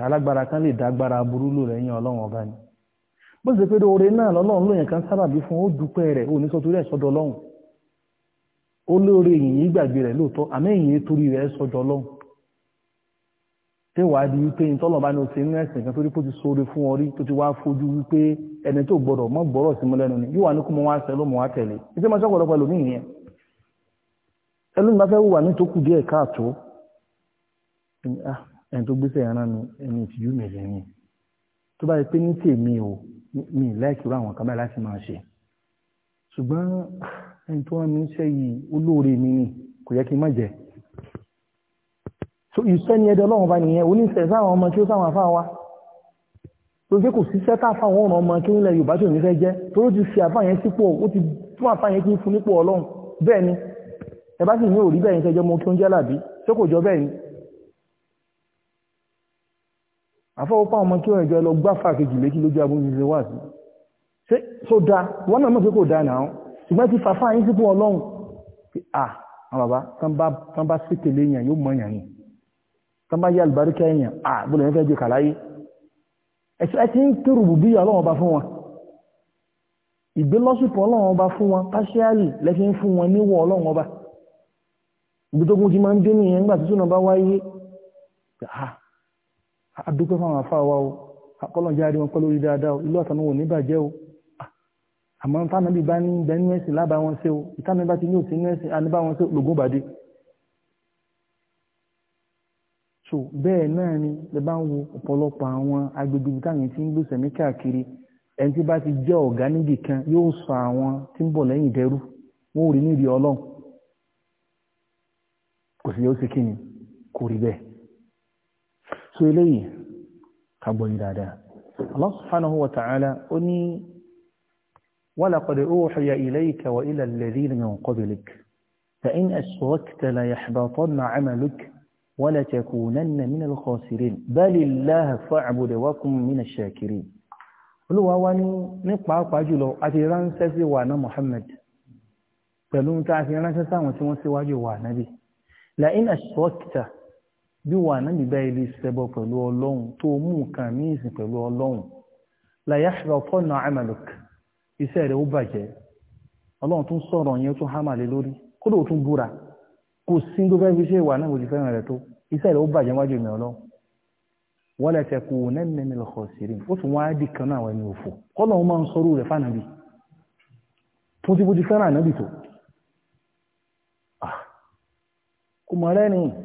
alágbára kan lè dágbára aburú lò lẹ́yìn ọlọ́run ọba ni bó ṣe pé oore náà lọ́lọ́run lóyìn kan sábàbí fún ó dúpẹ́ rẹ̀ ó ní sọ́tún rẹ̀ sọ́dọ̀ ọlọ́run ó lóore èyìn yìí gbàgbé rẹ̀ lóòótọ́ àmọ́ èyìn torí rẹ̀ sọ́dọ̀ ọlọ́run tẹ́wàá di wípé ìtọ́lọ̀ bá ní o ṣe ń rẹ̀sìn kan torí pé ó ti sóore fún ọ rí tó ti wá fojú wípé ẹni tó gbọ́dọ̀ mọ́ gbọ́rọ̀ sí mọ́ lẹ́nu ni yóò wá ní kó mọ́ wá sẹ́ mọ́ wá tẹ̀lé iṣẹ́ máa ṣọ́pọ̀ lọ́pọ̀ lómi ìyẹn ẹlòmí bá fẹ́ wà ní tó kù díẹ̀ káàtó ẹni tó gbéṣẹ́ yàrá ni ẹni ìtìjú mẹ́lẹ̀ ni tó bá yẹ pé ní tèmi o mi láìkí irú àwọn kan báyìí láti máa ṣe ṣùgbọ́n ẹni tó wá mi ń ṣe yìí olóore mi ni kò yẹ kí n má jẹ so ìṣẹ́ ni ẹdẹ ọlọ́run bá nìyẹn oníṣẹ́ sáwọn ọmọ kí ó sáwọn afá wa tó ṣe kò síṣẹ́ táfà wọn ọ̀ràn ọmọ kí ó ń lẹ yorùbá tó ní fẹ́ jẹ́ tó ló ti fi àfá yẹn sípò ó ti tún àfá yẹn kí ń fún nípò ọlọ́run bẹ́ẹ̀ ni ẹ bá sì ní òrí bẹ́ẹ̀ yẹn ṣẹjọ́ mo kí ó làbí ṣé kò jọ bẹ́ẹ̀ ni àfọwọ́pá ọmọ kí wọ́n ìjọ lọ gbáfà kejì lékí lójú abúlé ṣe wà sí ṣe tó da wọ́n náà mọ̀ pé kò da náà ṣùgbọ́n ti fàfà yín sí ni tán bá yá àlùbáríkà èèyàn à gbọ́dọ̀ yẹn fẹ́ ju kàláyé ẹ̀sẹ̀ ẹ ti ń kírù bùbí ọlọ́run ọba fún wọn ìgbélọ́sùpọ̀ ọlọ́run ọba fún wọn pàṣẹ́àlì lẹ́fi ń fún wọn tó kún ti máa ń dé nìyẹn nígbà tó sùn bá wáyé àdúgbò fáwọn afáwa o àkọlọ̀já rí wọn pẹ́ lórí dáadáa o ìlú àtàwọn òní bàjẹ́ o àmọ́ tánàbí bá ní bẹ nínú ẹ̀sìn lábàá wọn ṣe o ìtànàbí bá ti ní òsì nínú ẹ̀sìn àníbá wọn ṣe lògùn bàdé. so bẹ́ẹ̀ náà ni lè bá ń wo ọ̀pọ̀lọpọ̀ àwọn agbègbè táwọn ti ń gbé sẹ̀mí káàkiri ẹni tí bá ti jẹ́ ọ̀gá níbì kan yóò sọ àwọn tí ń bọ̀ lẹ́yìn dẹrú wọn ò rí nídìí ọlọ́run kò sì yóò ṣe kí ni kò rí bẹ́ẹ̀ so eléyìí ká gbọ́ yìí dáadáa Allah subhanahu wa ta'ala ó ní walaqad uhiya ilayka wa ila alladhina min qablik فإن أشركت من الخاسرين بل الله فاعبد من الشاكرين Olúwa wá ní nípa pàápàá jùlọ a ti ránṣẹ́ sí wa náà Muhammad pẹ̀lú tá fi ránṣẹ́ sáwọn tí wọ́n síwájú wa nábi. La'in ashrakta bí wà náà nígbà ilé ṣẹbọ pẹ̀lú ọlọ́run tó mú nǹkan ní ìsìn pẹ̀lú ọlọ́run láyé ṣùgbọ́n fọ́nà amalok iṣẹ́ rẹ̀ ó bàjẹ́ ọlọ́run tún sọ̀rọ̀ yẹn tún hámà lé lórí kódò tún búra kò sí tó fẹ́ fi ṣe wà náà kò sì fẹ́ràn rẹ̀ tó iṣẹ́ rẹ̀ ó bàjẹ́ wájú mi ọlọ́run wọ́n lè fẹ́ kó nẹ́ẹ̀mí mi lọ́kọ̀ sírí ó tún wáá dì ah. kò mọ̀ rẹ́ nìyí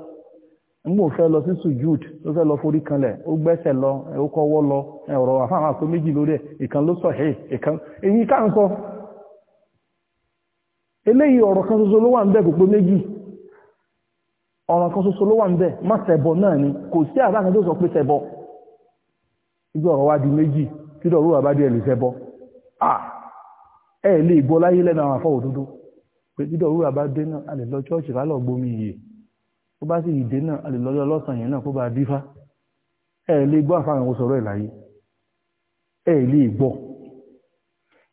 ngbò fẹ́ lọ sí sujud ló fẹ́ lọ forí kanlẹ̀ ó gbẹ́sẹ̀ lọ ó lọ ọ̀rọ̀ àfáwọn àpò méjì lórí ẹ̀ ìkan ló sọ̀hẹ́ ìkan èyí ká ń sọ eléyìí ọ̀rọ̀ kan ṣoṣo ló wà ń bẹ̀ kò pé méjì ọ̀rọ̀ kan soso ló wà ń bẹ̀ má ṣẹbọ náà ni kò sí kan tó sọ pé ibi ọ̀rọ̀ wa di méjì kí lọ́rọ̀ wà bá di ẹ̀ lè tó bá sì ìdè náà a lè lọ́yọ́ ọlọ́sàn yẹn náà kó bá dífá ẹ lè gbọ́ àfàràn owó sọ̀rọ̀ ìlàyé ẹ lè gbọ́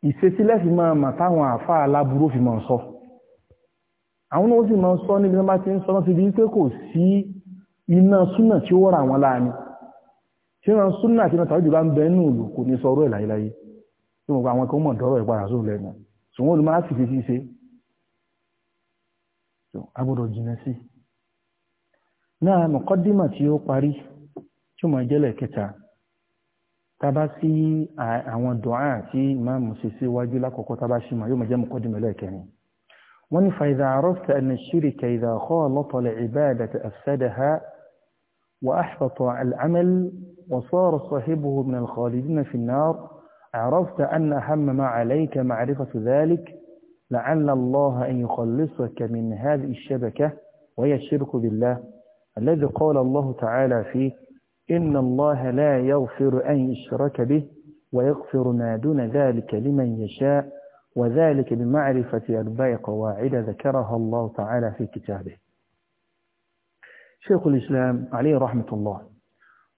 ìṣesílẹ̀ fi máa mà táwọn àfà aláburú fi máa sọ àwọn náà ó sì máa sọ níbi tí wọ́n bá ti ń sọ náà ti di pé kò sí iná súnà tí ó wọ́ra àwọn láàánú tí wọ́n súnà àti náà tàbí jùlọ ń bẹ nínú ìlú kò ní sọ ọ̀rọ̀ ẹ̀ tí wọ́n gba àwọn kan mọ̀ dọ́rọ̀ ẹ̀ sóhun lẹ́nu ṣùgbọ́n olùmọ̀ á sì fi ṣe a gbọ́dọ̀ jìnnà sí i na mukaddima tí ó parí tí mo máa jẹ́lẹ̀ kẹta ta ba sí àwọn dùá tí ma waju la koko ta ba si máa yo máa jẹ́ mukaddima le lẹ́ẹ̀kẹrin wa ní fa idha idha arafta ash-shirka khalata fàìdà àrọ́fẹ́ ẹni ṣíríkà ìdà خالط العبادة أفسدها وأحبط العمل وصار صاحبه من الخالدين في النار عرفت أن أهم ما عليك معرفة ذلك لعل الله أن يخلصك من هذه الشبكة وهي الشرك بالله الذي قال الله تعالى فيه إن الله لا يغفر أن يشرك به ويغفر ما دون ذلك لمن يشاء وذلك بمعرفة أربع قواعد ذكرها الله تعالى في كتابه شيخ الإسلام عليه رحمة الله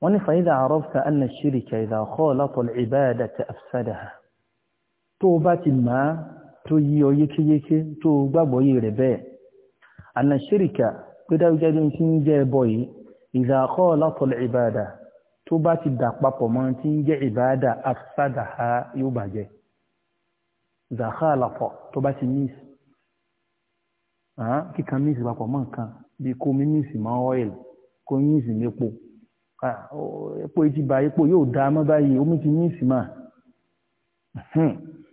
وأن فإذا عرفت أن الشرك إذا خالط العبادة أفسدها توبة ما تويو يكي يكي توبة بوير أن الشرك pé dájúdájú tí ń jẹ́ ẹbọ yìí ìdàkọ́ látọ̀lẹ̀ ìbáadà tó bá ti dà papọ̀ mọ́ tí ń jẹ́ ìbáadà àfádàá yóò bàjẹ́ ìdàkọ́ àlàpọ̀ tó bá ti mís kíkan mís papọ̀ mọ́ nǹkan bí kó mi mís mọ́ ọ́ìl kó mís mépo epo ti ba epo yóò dá mọ́ báyìí omi ti mís mà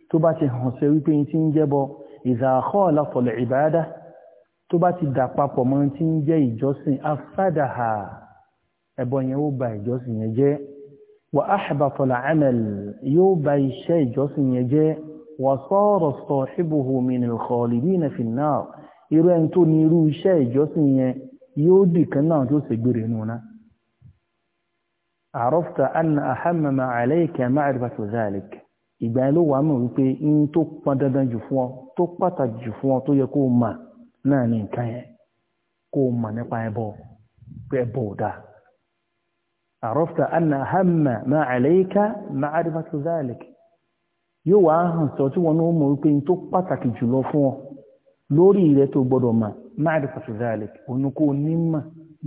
tó bá ti hàn sẹ́ wípé tí ń jẹ́ bọ ìdàkọ́ látọ̀lẹ̀ ìbáadà tó bá ti dà papọ̀ mọ́ tí ń jẹ́ ìjọsìn afádáhà ẹbọ yẹn ó ba ìjọsìn yẹn jẹ́ wà áhàbàtọ̀là amal yóò ba iṣẹ́ ìjọsìn yẹn jẹ́ wà sọ́ọ̀rọ̀ sahibuhu minal khalidina fin-nar irú ẹni tó ní irú iṣẹ́ ìjọsìn yẹn yóò dì kan náà tó ṣègbèrè nù náà. عرفت أن أهم ما عليك معرفة ذلك ìgbà ló wà mọ̀ wípé in tó pọn dandan jù fún ọ tó pàtàkì jù fún ọ tó yẹ kó máa náà ní nǹkan yẹn kó o mọ̀ nípa ẹbọ pé ẹbọ ò dáa àròfta anna hamma ma alayka ma arifatu zalik yóò wá hàn sọ tí wọn náà mọ̀ wípé n tó pàtàkì jùlọ fún ọ lórí rẹ tó gbọ́dọ̀ mà ma arifatu zalik òun kò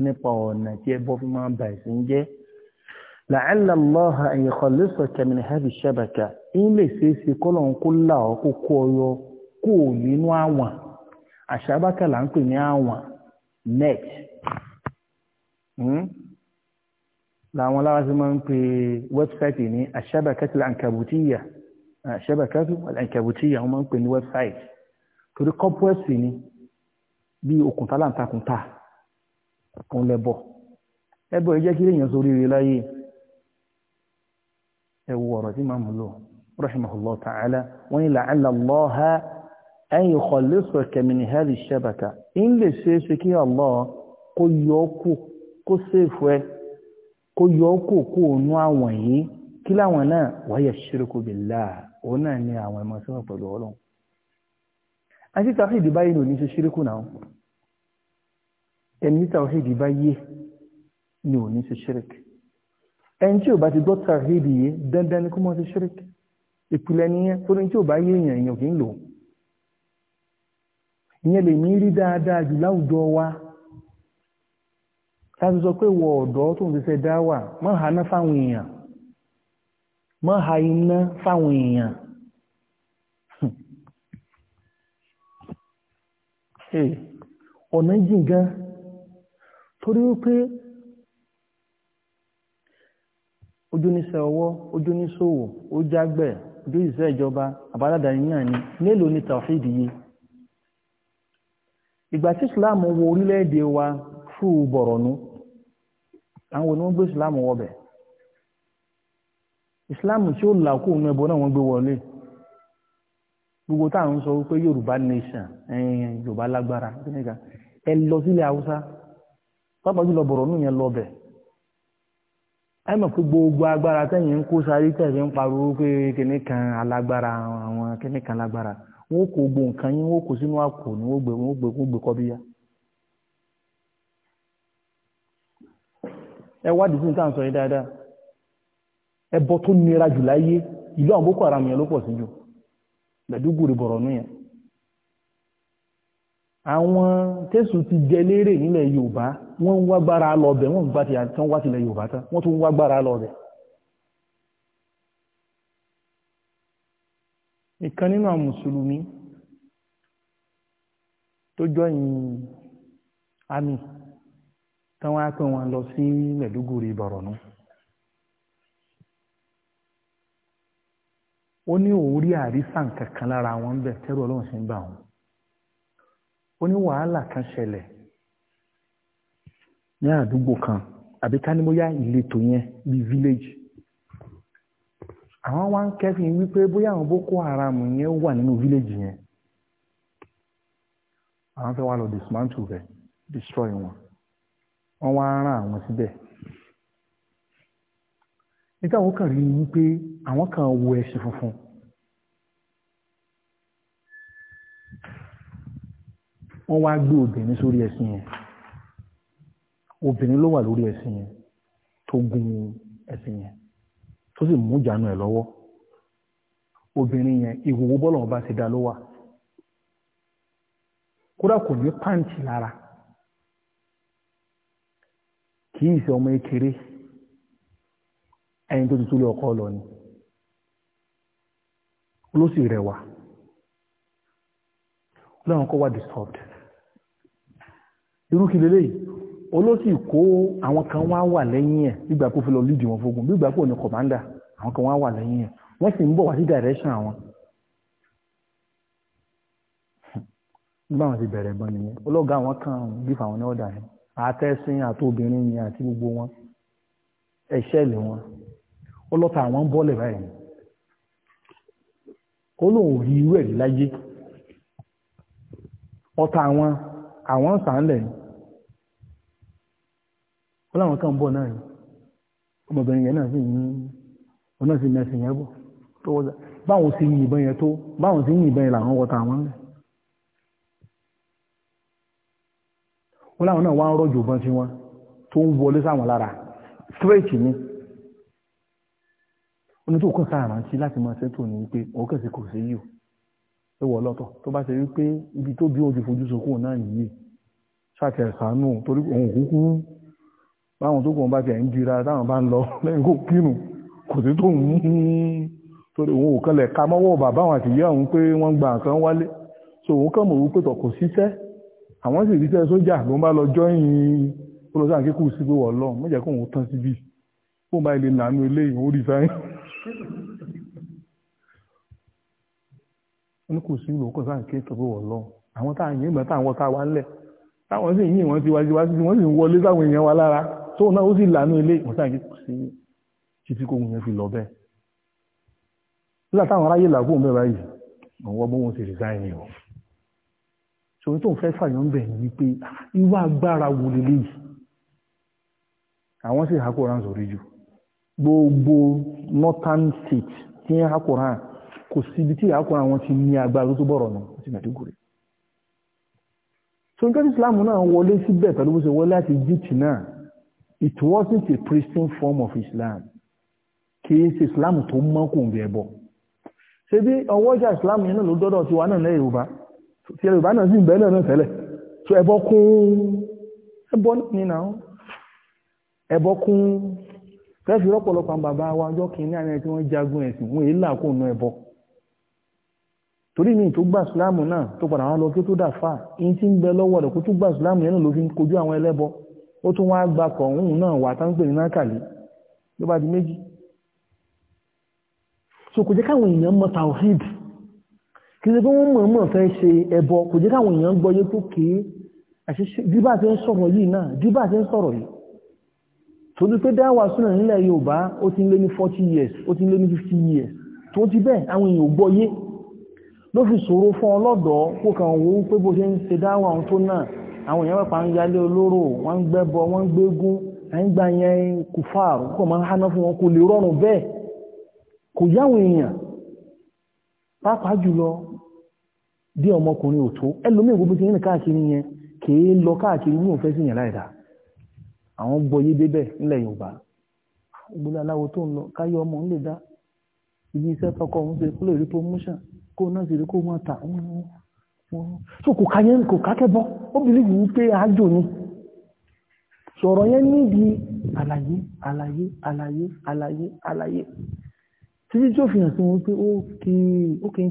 nípa ọ̀nà tí ẹbọ fi máa bà ẹ̀sìn jẹ́ la'alla Allaha an yukhallisaka min hadhihi shabaka ń lè ṣeé ṣe kọ́lọ̀ ń kó là ọ́ kó àṣàbákà là ń pè ní àwọn net hmm? làwọn lára sí máa ń pè wẹ́bsáìtì ní àṣàbákàtù àǹkàbùtíyà àṣàbákàtù àǹkàbùtíyà wọ́n máa ń pè ní wẹ́bsáìtì torí kọ́pọ́ẹ̀sì ni bí òkúta láǹtakùnta òun lẹ́bọ̀ ẹbọ yìí jẹ́ kí èèyàn sórí rẹ̀ láyé ẹ wo ọ̀rọ̀ tí màá mú lò rahimahullah ta'ala wọ́n ní la'alla Allaha ẹ̀yìn ìkọ̀lẹ́sọ̀ kẹmìnì hẹ́rì ṣẹ́bàkà ń lè ṣe é ṣe kí Allah kó yọ ọ́ kù kó sèfù ẹ kó yọ ọ́ kù kó ònú àwọn yìí kí láwọn náà wáyà ṣírùkù billah òun náà ní àwọn ẹ̀mọ́ sọ́wọ́ pẹ̀lú ọlọ́run. àti tàwíìdì báyìí ló ní ṣe ṣírùkù náà ẹni tàwíìdì báyìí ni ò ní ṣe ṣírùkù ẹni tí ò bá ti gbọ́ tàwíìdì yìí dandan ni kó mọ́ ṣe ṣírùkù ìpìlẹ̀ nìyẹn torí tí ò bá yé èèyàn èèyàn kì í lò ó ìyẹn lè ní rí dáadáa jù láwùjọ wa láti sọ pé wọ ọdọ tó ń ṣiṣẹ́ dá wà má ha iná fáwọn èèyàn má ha iná fáwọn èèyàn ọ̀nà jìn gan torí wípé ojú ọwọ́ ojú níṣòwò ojú àgbẹ̀ ojú ìṣẹ́ ìjọba àbádàdà náà ni mélòó ni tàwáfíìdì yìí ìgbà tí islam wọ orílẹ̀-èdè wa fún bọ̀rọ̀nú àwọn oníwọ́n gbé islam wọbẹ̀ islam tí ó là kó nínú ẹbọ náà wọ́n gbé wọlé gbogbo tá à ń sọ wípé yorùbá nation yorùbá lágbára ẹ lọ sílẹ̀ haúsá pápá jùlọ bọ̀rọ̀nú yẹn lọbẹ̀ ẹ mọ̀ pé gbogbo agbára tẹ̀yìn ń kó sáré tẹ̀yìn ń pariwo pé kìnnìkan alágbára àwọn kìnnìkan alágbára wọn kò gbò anyị yín wọn kò sínú àpò ni wọn gbé wọn nsọ wọn dada. kọ́ bí yá. ẹ wá dìísí nǹkan sọ yìí dáadáa ẹbọ tó nira jù láyé ìlú àwọn yẹn ló pọ̀ sí ti jẹ lérè yorùbá ń wá gbára lọ ń àti wá yorùbá ìkan nínú àwọn mùsùlùmí tó jọyìn àmì ta wá wọn lọ sí Maiduguri Borno ó ní òun àrísàn kankan lára wọn bẹ tẹrù Ọlọ́run sì ń bà wọn ó ní wàhálà kan ṣẹlẹ̀ ní àdúgbò kan àbí ká ní bóyá ìletò yẹn bíi village àwọn wá ń kẹ́fìn wípé bóyá àwọn Boko Haram yẹn wà nínú village yẹn àwọn fẹ́ wá lọ dismantle rẹ̀ destroy wọn wọ́n wá rán àwọn síbẹ̀ nígbà àwọn kan rí i wípé àwọn kan wọ ẹ̀sìn funfun wọ́n wá gbé obìnrin sórí ẹ̀sìn yẹn obìnrin ló wà lórí ẹ̀sìn yẹn tó gun ẹ̀sìn yẹn tó sì mú ìjánu ẹ̀ lọ́wọ́ obìnrin yẹn ìwòwò bọ́lọ̀ ọba ti dá ló wà kódà kò ní pàǹtì lára kì í ṣe ọmọ ékeré ẹni tó ti túlé ọkọ lọ ni ló sì rẹwà lọ́wọ́n kọ́ wà disturbed irú kí olóṣì kó àwọn kan wá wà lẹ́yìn ẹ̀ nígbà kó fi lọ lídìí wọn fógun bí ìgbà kó ní kọ̀mándà àwọn kan wá wà lẹ́yìn ẹ̀ wọ́n sì ń bọ̀ wá sí direction àwọn. nígbà wọn ti bẹ̀rẹ̀ bọ́n nìyẹn ọlọ́gá àwọn kan gífà àwọn ní ọ̀dà yẹn àtẹ́sìn àti obìnrin yẹn àti gbogbo wọn ẹ̀ṣẹ́ lé wọn ọlọ́ta àwọn ń bọ́lẹ̀ báyìí ó lóun rí irú ẹ̀rí láyé ọ̀tá àwọn àwọn sàn lẹ̀ wọ́n láwọn kan bọ̀ náà ni ọmọbìnrin yẹn náà sì ní wọn náà sì mẹsìn yẹn bọ̀ tó wọ́n báwọn sì yìnbọn yẹn tó báwọn sì yìnbọn yẹn làwọn wọta àwọn ńlẹ̀ wọ́n láwọn náà wá ń rọ̀jò bọ́n sí wọn tó ń wọlé sáwọn lára straight ni oní tó kọ́ sáà rántí láti máa ṣètò ní wípé òun kẹ̀sì kò sí yìí o ẹ wọ̀ lọ́tọ̀ tó bá ṣe wípé ibi tó bí òjò fojú sokùn náà nìyí ṣàtẹ̀ torí òun kúkú báwọn tó kù wọn bá tiẹ̀ ń dira táwọn bá ń lọ lẹ́yìn kó kírun kò sí tó ń mú torí òun ò kanlẹ̀ ka mọ́wọ́ bàbá àwọn àtìyá òun pé wọ́n gba nǹkan wálé so òun kàn mọ̀ wípé tọ̀ kò síṣẹ́ àwọn sì ríṣẹ́ sójà ló ń bá lọ jọ́yìn olùsàn kíkù sí pé wọ́n lọ mọ̀ kó òun tán síbi kó bá ilé nànú eléyìí òun rí sáyìn. wọ́n kò sí ìlú òkú sáà kéèké pé wọ́n lọ àwọn táwọn yìnbọn táwọn wọ́ta wá ńlẹ̀ táwọn sì yìn wọ́n ti wá sí wọ́n sì ń wọlé sáwọn èèyàn wa lára tó náà ó sì lànà ilé ìmọ̀sá ìgbé kù sí títí kó yẹn fi lọ bẹ́ẹ̀ nígbà táwọn aráyé làgùn bẹ́ẹ̀ báyìí àwọn ọgbọ́n wọn sì rí sáyẹn ni ọ ṣòro tó ń fẹ́ fàyàn bẹ̀ ni wípé irú agbára wo leléyìí àwọn sì hákòrán sórí jù gbogbo northern state tí ń hákòrán kò síbi tí hákòrán wọn ti ní agbára tó bọ̀rọ̀ nù àti Maiduguri so nǹkan tí Islam náà wọlé síbẹ̀ pẹ̀lú it wasn't a pristine form of Islam kì í ṣe Islam tó mọ́ kò ń bẹ̀ bọ̀ ṣé bí ọwọ́ ìjà Islam yẹn náà ló dọ́dọ̀ tiwa náà lẹ́yìn Yorùbá tí Yorùbá náà sì ń bẹ́ náà náà tẹ́lẹ̀ so ẹbọ kún ẹbọ nínú àwọn ẹbọ kún fẹ́ẹ́ fi rọ́pọ̀lọpọ̀ bàbá wa ọjọ́ kìíní àná tí wọ́n jagun ẹ̀sìn wọn èyí là kó nu torí ní tó gbà Islam náà tó padà wọn lọ kí ó tó dà fà yín Islam yẹn náà ló fi ó tún wá gba kọ̀ọ̀hún náà wà tá ń pè ní nákàlí ló bá di méjì so kò jẹ́ káwọn èèyàn mọ̀ tawhid kì í ṣe pé wọ́n mọ̀ mọ̀ fẹ́ ṣe ẹbọ kò jẹ́ káwọn èèyàn gbọ́ yé kókè àṣìṣe díbà tí ń sọ̀rọ̀ yìí náà díbà tí ń sọ̀rọ̀ yìí torí pé dáwà súnà nílẹ̀ Yorùbá ó ti lé ní forty years ó ti lé ní fifty years tó ti bẹ́ẹ̀ àwọn èèyàn gbọ́ yé ló fi ṣòro fún ọlọ́dọ̀ọ́ kó kàn wọ́n pé bó ṣe ń ṣe dáwà ohun tó náà àwọn èèyàn pàpà ń yálé olóró wọ́n ń gbẹ́bọ wọ́n ń gbégún ẹ̀yìn gbà yẹn kò fà kò máa ń háná fún wọn kò lè rọrùn bẹ́ẹ̀ kò yáwọn èèyàn pàápàá jùlọ bí ọmọkùnrin òtó ẹlòmíì gbogbo ti rìn káàkiri yẹn kìí lọ káàkiri ní òfẹ́ sí so kò káyẹ́ kò kákẹ́bọ́ ó bìlì yìí pé àjò ni sọ̀rọ̀ yẹn níbi àlàyé àlàyé àlàyé àlàyé àlàyé títí tí ó fi hàn sí wọn pé ó kí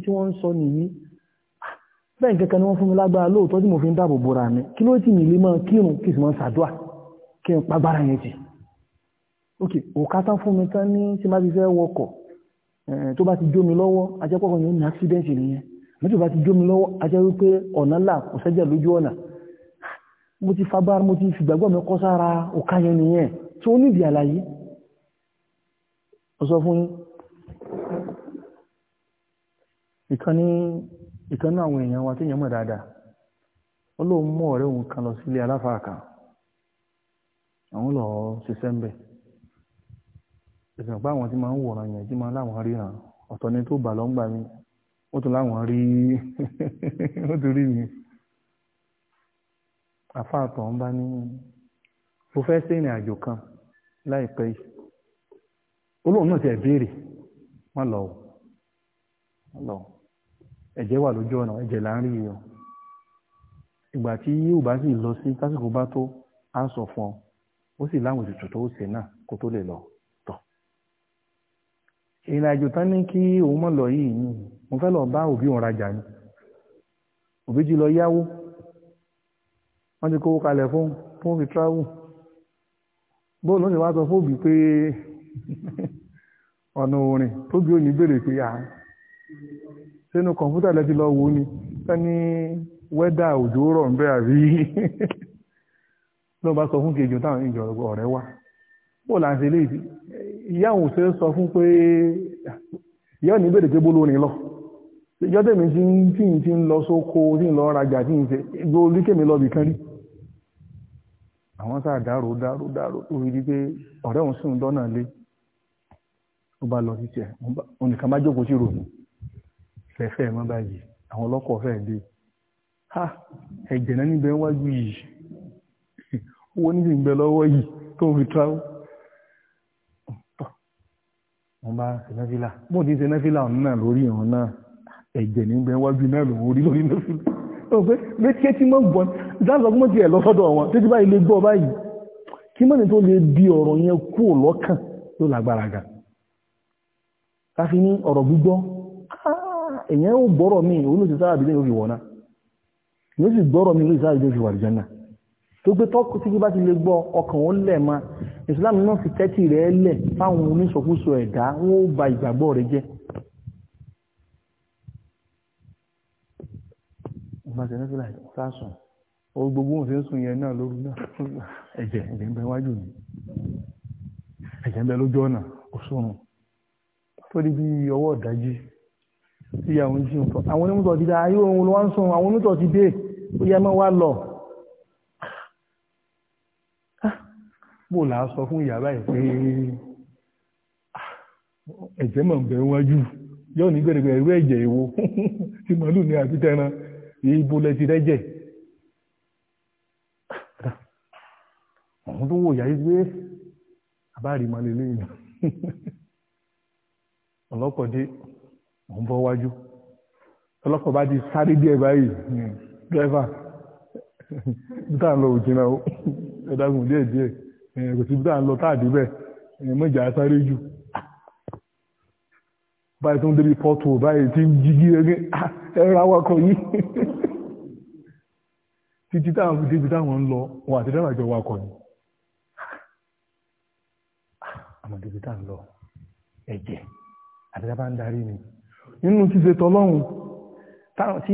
tí wọ́n ń sọ nìyí bẹ́ẹ̀ kẹ́kẹ́ ni wọ́n fún mi lágbára lóòótọ́ tí mo fi ń dáàbò bora mi kí ló mi mẹ́tò bá ti jómi lọ́wọ́ ajẹ́ wípé ọ̀nà ńlá kò sẹ́jẹ̀ lójú ọ̀nà mo ti fagbára mo ti fìgbàgbọ́ mi kọ́ sára òkà yẹn nìyẹn tó nídìí àlàyé ọ̀sọ́ fún ìkànnì ìkànnì àwọn èèyàn wa tí èèyàn mọ̀ dáadáa ọlọ́run mú ọ̀rẹ́ òun kan lọ sílé aláfàákà àwọn lọ ṣiṣẹ́ ń bẹ̀ ìsìnkú àwọn tí máa ń wòran yẹn tí máa láwọn ríran ó tún láwọn rí ó tún rí mi àfáàtọ̀ ń bá ní mo fẹ́ sí ìrìn àjò kan láìpẹ́ yìí olóhùn náà ti ẹ̀ béèrè wọ́n lọ wọ́n lọ ẹ̀jẹ̀ wà lójú ọ̀nà ẹ̀jẹ̀ là ń rí yìí o ìgbà tí yóò bá sì lọ sí tásìkò bá tó á sọ fún ọ ó sì láwọn ètùtù tó ṣe náà kó tó lè lọ ìrìnàjò tán ní kí òun mọ̀ lọ yìí ni mo fẹ́ lọ bá òbí òun rajà ni òbí jí lọ yáwó wọ́n ti kówó kalẹ̀ fún fún fi travel bóòlù ó sì wá sọ fóòbí pé ọ̀nà orin tóbi ò ní bèrè pé à sínú kọ̀ǹpútà lẹ́ti lọ wò ni sẹ́ni wẹ́dà òjò rọ̀ ń bẹ́ àbí ló bá sọ fún kejì táwọn ìjọ ọ̀rẹ́ wá bóòlù à ń ṣe eléyìí ìyá òun ṣe sọ fún pé ìyá òní bèrè pé bólórin lọ ìjọ tèmi tí ń tí ń tí ń lọ sóko tí ń lọ rajà tí ń ṣe gbogbo oríkèmí lọ bìkan rí àwọn sáà dárò dárò dárò òyìnbí pé ọ̀rẹ́ òun sì ń dọ́nà lé ó bá lọ títí ẹ̀ onìkan má jókòó sí ròmù fẹ́fẹ́ mọ́ báyìí àwọn ọlọ́kọ̀ fẹ́ dé ha ẹ̀jẹ̀ náà níbẹ̀ wájú yìí owó níbi ìgbẹ́ lọ́wọ́ yìí tó fi travel wọ́n bá ṣe nẹ́fílà bó ti ṣe nẹ́fílà ọ̀hún náà lórí ìhàn náà ẹ̀jẹ̀ nígbẹ́ wájú náà lòun rí lórí nẹ́fílà ó pé létíké tí wọ́n gbọ́n dáàbò mọ́ tiẹ̀ lọ́sọ́dọ̀ wọn títí báyìí lè gbọ́ báyìí kí mọ́ni tó lè bi ọ̀rọ̀ yẹn kú lọ́kàn ló lágbára ga káfí ní ọ̀rọ̀ gbígbọ́ èèyàn ó gbọ́rọ̀ míì olóòtú sáà bìí lè fi wọ̀ náà yóò sì gbọ́rọ̀ míì olóòtú sáà bìí tó gbé tọ́kù tí kí bá ti lè gbọ́ ọkàn wọn lẹ̀ ma islam náà fi tẹ́tì rẹ̀ lẹ̀ fáwọn oníṣọ̀kúsọ ẹ̀dá wọn ó ba ìgbàgbọ́ rẹ̀ jẹ́. ìbáṣẹ ní fúlà sásùn ó gbogbo wọn fi ń sùn yẹn náà lóru náà ẹ̀jẹ̀ ẹ̀jẹ̀ ń bẹ wájú mi ẹ̀jẹ̀ ń bẹ lójú ọ̀nà kò tó di bí ọwọ́ ọ̀dájú tí àwọn oníṣòwò àwọn onímọ̀tò ti dá ayé òun ló wá ń sùn àwọn onímọ̀tò ti dé ó yẹ mọ́ wá lọ. bó la sọ fún ìyàrá ẹ̀ pé ah, ẹ̀jẹ̀ mọ̀ bẹ̀ wájú yóò ní gbẹ̀rẹ̀gbẹ̀ irú ẹ̀jẹ̀ èwo tí màálù ní àti tẹran ibo lẹ ti rẹ́jẹ̀ àwọn tó wò yáyé gbé àbáàrí máa lè lẹ́yìn ọlọ́kọ̀ dé òun bọ́ wájú ọlọ́kọ̀ bá ti sáré díẹ̀ báyìí dírẹ́fà níta lọ òjìnà ó ẹ̀dágùn díẹ̀ díẹ̀. Eh, kò sí bíta ń lọ káàdì bẹ́ẹ̀ eh, mọ́jà sáré jù ah. báyìí tó ń débi pọ́tò báyìí tí ń jíjí ẹgbẹ́ ah, ẹ̀rọ awakọ̀ yìí títí táwọn fi débi táwọn ń lọ wakọ̀ àmọ́ ah. débi táwọn lọ ẹ̀jẹ̀ ń darí ni nínú ṣíṣe tí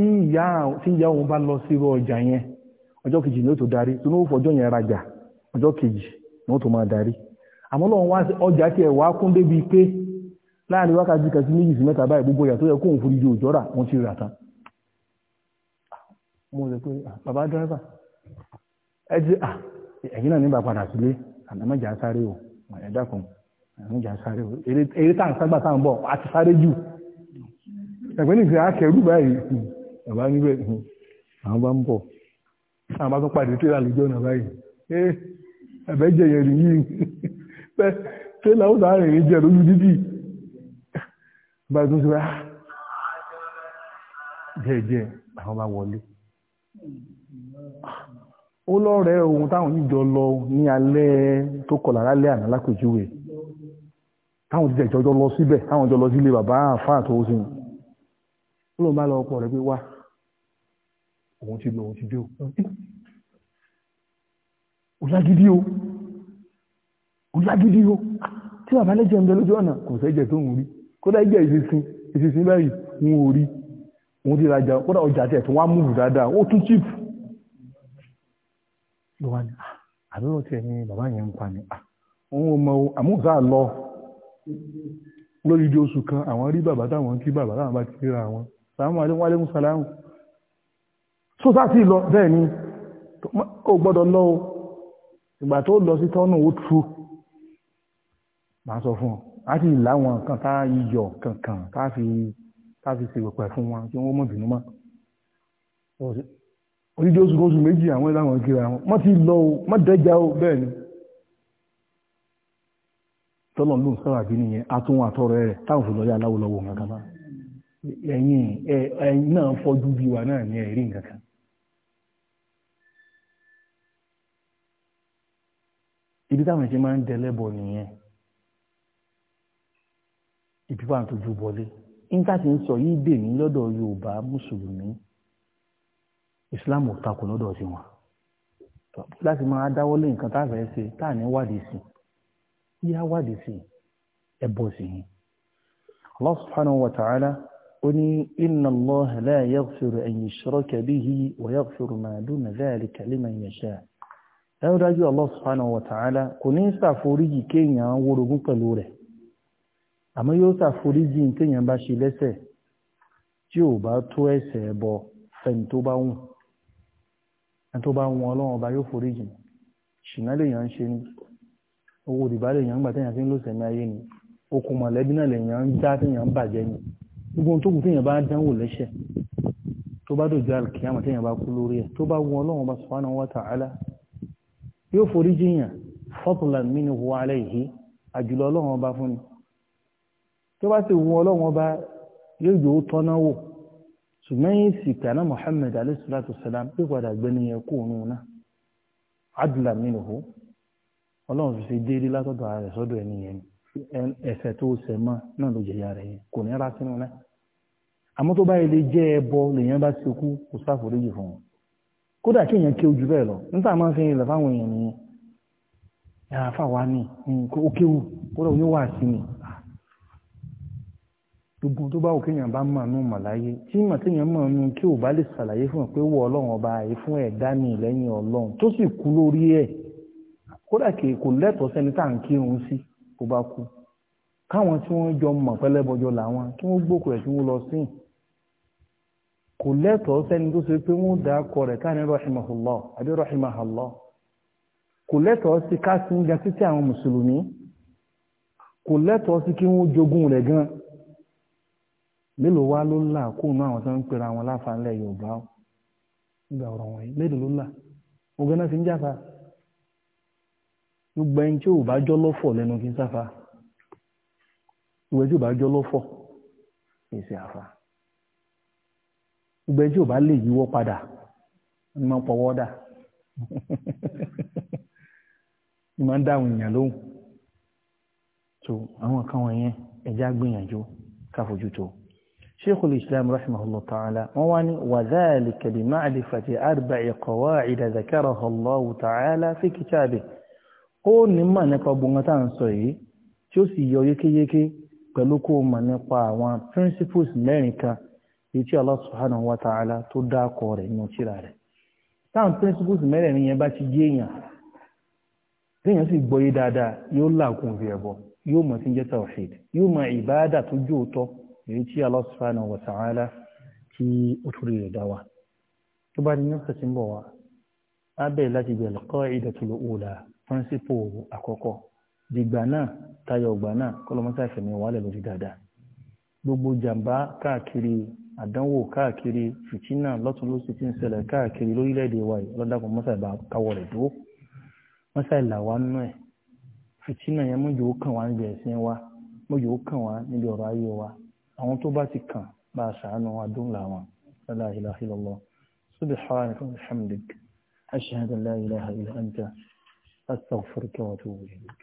ìyá òun bá lọ sí ọjà yẹn ọjọ́ kejì ni ó tó darí tó fọjọ́ yẹn rajà ọjọ́ kejì wọ́n tó máa darí àmọ́ lọ́wọ́ wá ọjà tí ẹ̀ kún débi pé láàrin wákàtí kan sí méjì sí mẹ́ta báyìí gbogbo ìyà ti rà tán mo pé ah, bàbá ẹ ti ah, ẹ̀yìn náà nígbà padà sílé sáré o ẹ̀dá kan sáré a ti sáré jù ẹ̀gbẹ́ ní akẹ́rù ẹ̀bẹ́jẹ̀ yẹn nìyí pẹ́ ṣé làwọn sàn rìn jẹ lójú dídì bá a tún ṣe ah, àwọn bá wọlé ó lọ́rẹ̀ẹ́ ohun táwọn ìjọ lọ ní alẹ́ tó kọlà lálẹ́ àná lápèjúwe táwọn ti jẹjọ lọ síbẹ̀ táwọn jọ lọ sílé bàbá àfáà tó sì òlágídí o òlágídí o tí bàbá lẹ́jẹ̀ ń bẹ lójú ọ̀nà kò sẹ́jẹ̀ tó ń rí kódà ìjẹ́ ìsinsin ìsinsin báyìí wọn ò rí wọn ti rajà kódà ọjà tẹ̀ tó wọ́n á dáadáa ó tún chip ló wá ah, àbúrò tiẹ̀ ni bàbá yẹn ń pa ni ah, òun ò mọ àmúgbà lọ lórí di oṣù kan àwọn rí bàbá táwọn kí bàbá táwọn bá ti ìgbà tó lọ sí tọ́nù ó tú máa sọ fún ọ láti láwọn nǹkan tá iyọ̀ kankan tá fi tá fi ṣe pẹ̀pẹ̀ fún wọn kí wọ́n mọ̀ bínú mọ́ onídìí oṣù oṣù méjì àwọn ìlànà kiri àwọn wọ́n ti lọ o wọ́n dẹ́jà o bẹ́ẹ̀ ni tọ́lọ̀ ló ń sọ̀rọ̀ àbí nìyẹn atún àtọ́rọ̀ rẹ̀ táwọn fò aláwọ̀ lọ́wọ́ nǹkan kan náà ẹ̀yìn náà fọ́jú bí wa náà ní ẹ̀rí nǹkan kan ibi táwọn ẹ̀ṣẹ̀ máa ń dẹlẹ́bọ̀ nìyẹn ibi wà ń tójú bọlé íńtàtì ń sọ yìí dè ní lọ́dọ̀ Yorùbá mùsùlùmí ìsìláàmù takò lọ́dọ̀ sí wọn láti máa dáwọ́lé nǹkan tá a fẹ́ ṣe tá à ní wádìí sí yíyá wádìí sí ẹ bọ̀ sí yìí. Allah subhanahu wa ta'ala ó ní inna Allah la yaghfiru an yushraka bihi wa yaghfiru ma duna dhalika dájúdájú Allah subhanahu wa ta'ala kò ní ṣàforíjì kéèyàn wórogún pẹ̀lú rẹ̀ àmọ́ yóò ṣàforíjì kéèyàn bá ṣe lẹ́sẹ̀ tí ò bá tó ẹsẹ̀ bọ fẹ́ni tó bá wùn ẹni tó bá wùn ọlọ́run ọba yóò foríjì ṣìnà lèèyàn ń ṣe owó lèèyàn ń gbà fi ń lò sẹ́mi ayé ni okùn mọ̀lẹ́bí náà lèèyàn ń já ń bàjẹ́ ni gbogbo ohun tó kù bá dánwò tó bá dòjú bá kú lórí ẹ̀ tó bá wùn ọlọ́run ọba yóò forí jiyàn fọ́tùlàn mí ni hu alẹ́ yìí àjùlọ ọlọ́run ọba fún ni tó bá sì wu ọlọ́run ọba yóò jò ó tọ́ná wò ṣùgbọ́n yìí sì kàná Muhammad alayhi salatu salam padà gbẹ́ni yẹn kó òun náà adùlàn mí ni hu ọlọ́run fi ṣe déédéé látọ̀dọ̀ ààrẹ sọ́dọ̀ ẹni yẹn ẹ̀ṣẹ̀ tó ṣẹ̀ mọ́ náà ló jẹ̀yà rẹ̀ yẹn kò ní rà sínú náà àmọ́ tó bá yẹ lè jẹ́ ẹbọ lèèyàn bá ṣekú kò sáforíjì fún un kódà kí èèyàn kéwú jù bẹ́ẹ̀ lọ níta máa ń fi ilẹ̀ fáwọn èèyàn nìyẹn yàrá fáwa ní ó kéwú kódà yóò wà sí mi gbogbo tó bá òkè èèyàn bá máa nù màláyé tí màtíyàn máa nù kí ò bá lè ṣàlàyé fún ẹ pé wọ ọlọ́run ọba àyè fún ẹ̀dá ní ìlẹ́yìn ọlọ́run tó sì kú lórí ẹ̀ kódà kì kò lẹ́tọ̀ọ́ sẹ́ni tá à ń kírun sí bó bá kú káwọn tí wọ́n jọ mọ̀ pẹ́lẹ́bọjọ làwọn kí wọ́n gbókò ẹ̀ tí wọ́n lọ síyìn kò lẹ́tọ̀ọ́ sẹ́ni tó ṣe pé wọ́n dá rẹ̀ káàní rahimahullah àbí rahimahullah kò lẹ́tọ̀ọ́ sí káàsì ń ga títí àwọn mùsùlùmí kò lẹ́tọ̀ọ́ kí wọ́n jogun rẹ̀ gan mélòó wá ló àwọn ń pera láfàálẹ̀ yorùbá nígbà ọ̀rọ̀ mélòó ló náà fi ń jáfa gbogbo ẹni tí gbogbo ẹni tí ò bá lè yíwọ́ padà ni máa ń pọwọ́ dà ni máa ń dáhùn èèyàn lóhùn so àwọn kan wọ̀nyẹn ẹja gbìyànjú káfojútó sheikhul islam rahmahullah ta'ala wọ́n wá ní wàzáàlìkà bí ma'rifati arba'i qawa'id zakaraha Allahu ta'ala fi kitabihi ó ní mà nípa gbogbo tá à ń sọ yìí tí ó sì yọ yékéyéké pẹ̀lú kó mà nípa àwọn principles mẹ́rin kan èyí tí Allah subhanahu wa ta'ala tó dá akọ rẹ̀ nínú tírà rẹ̀ táwọn principles mẹ́rẹ̀ẹ̀rin yẹn bá ti yé èèyàn téèyàn sì gbọ́yé dáadáa yóò làákùn fi ẹ̀bọ yóò mọ̀ sí jẹ́ tawhid yóò mọ̀ ìbáàdà tó jó tọ́ èyí tí Allah subhanahu wa ta'ala tí ó tún rí rẹ̀ dá wa tó bá ní ní ọ̀sẹ̀ ń bọ̀ wá abẹ́ láti bẹ̀ al-qa'idatul ula principle àkọ́kọ́ dìgbà gbogbo jàǹbá káàkiri àdánwò káàkiri fìtínà lọ́tún lósì tí ń ṣẹlẹ̀ káàkiri lórílẹ̀‐èdè wa yìí ọlọ́dàkùn mọ́sàlá káwọ́ rẹ̀ dúró mọ́sàlá wa nú ẹ̀ fìtínà yẹn mọ́jọ ó kàn wá níbi ẹ̀sìn wa mọ́jọ ó kàn wá níbi ọ̀rọ̀ ayé wa àwọn tó bá ti kàn bá a ṣàánú adún làwọn la ilaha illallah subhanaka wa bihamdik ashhadu an la ilaha illa anta astaghfiruka wa atubu ilayk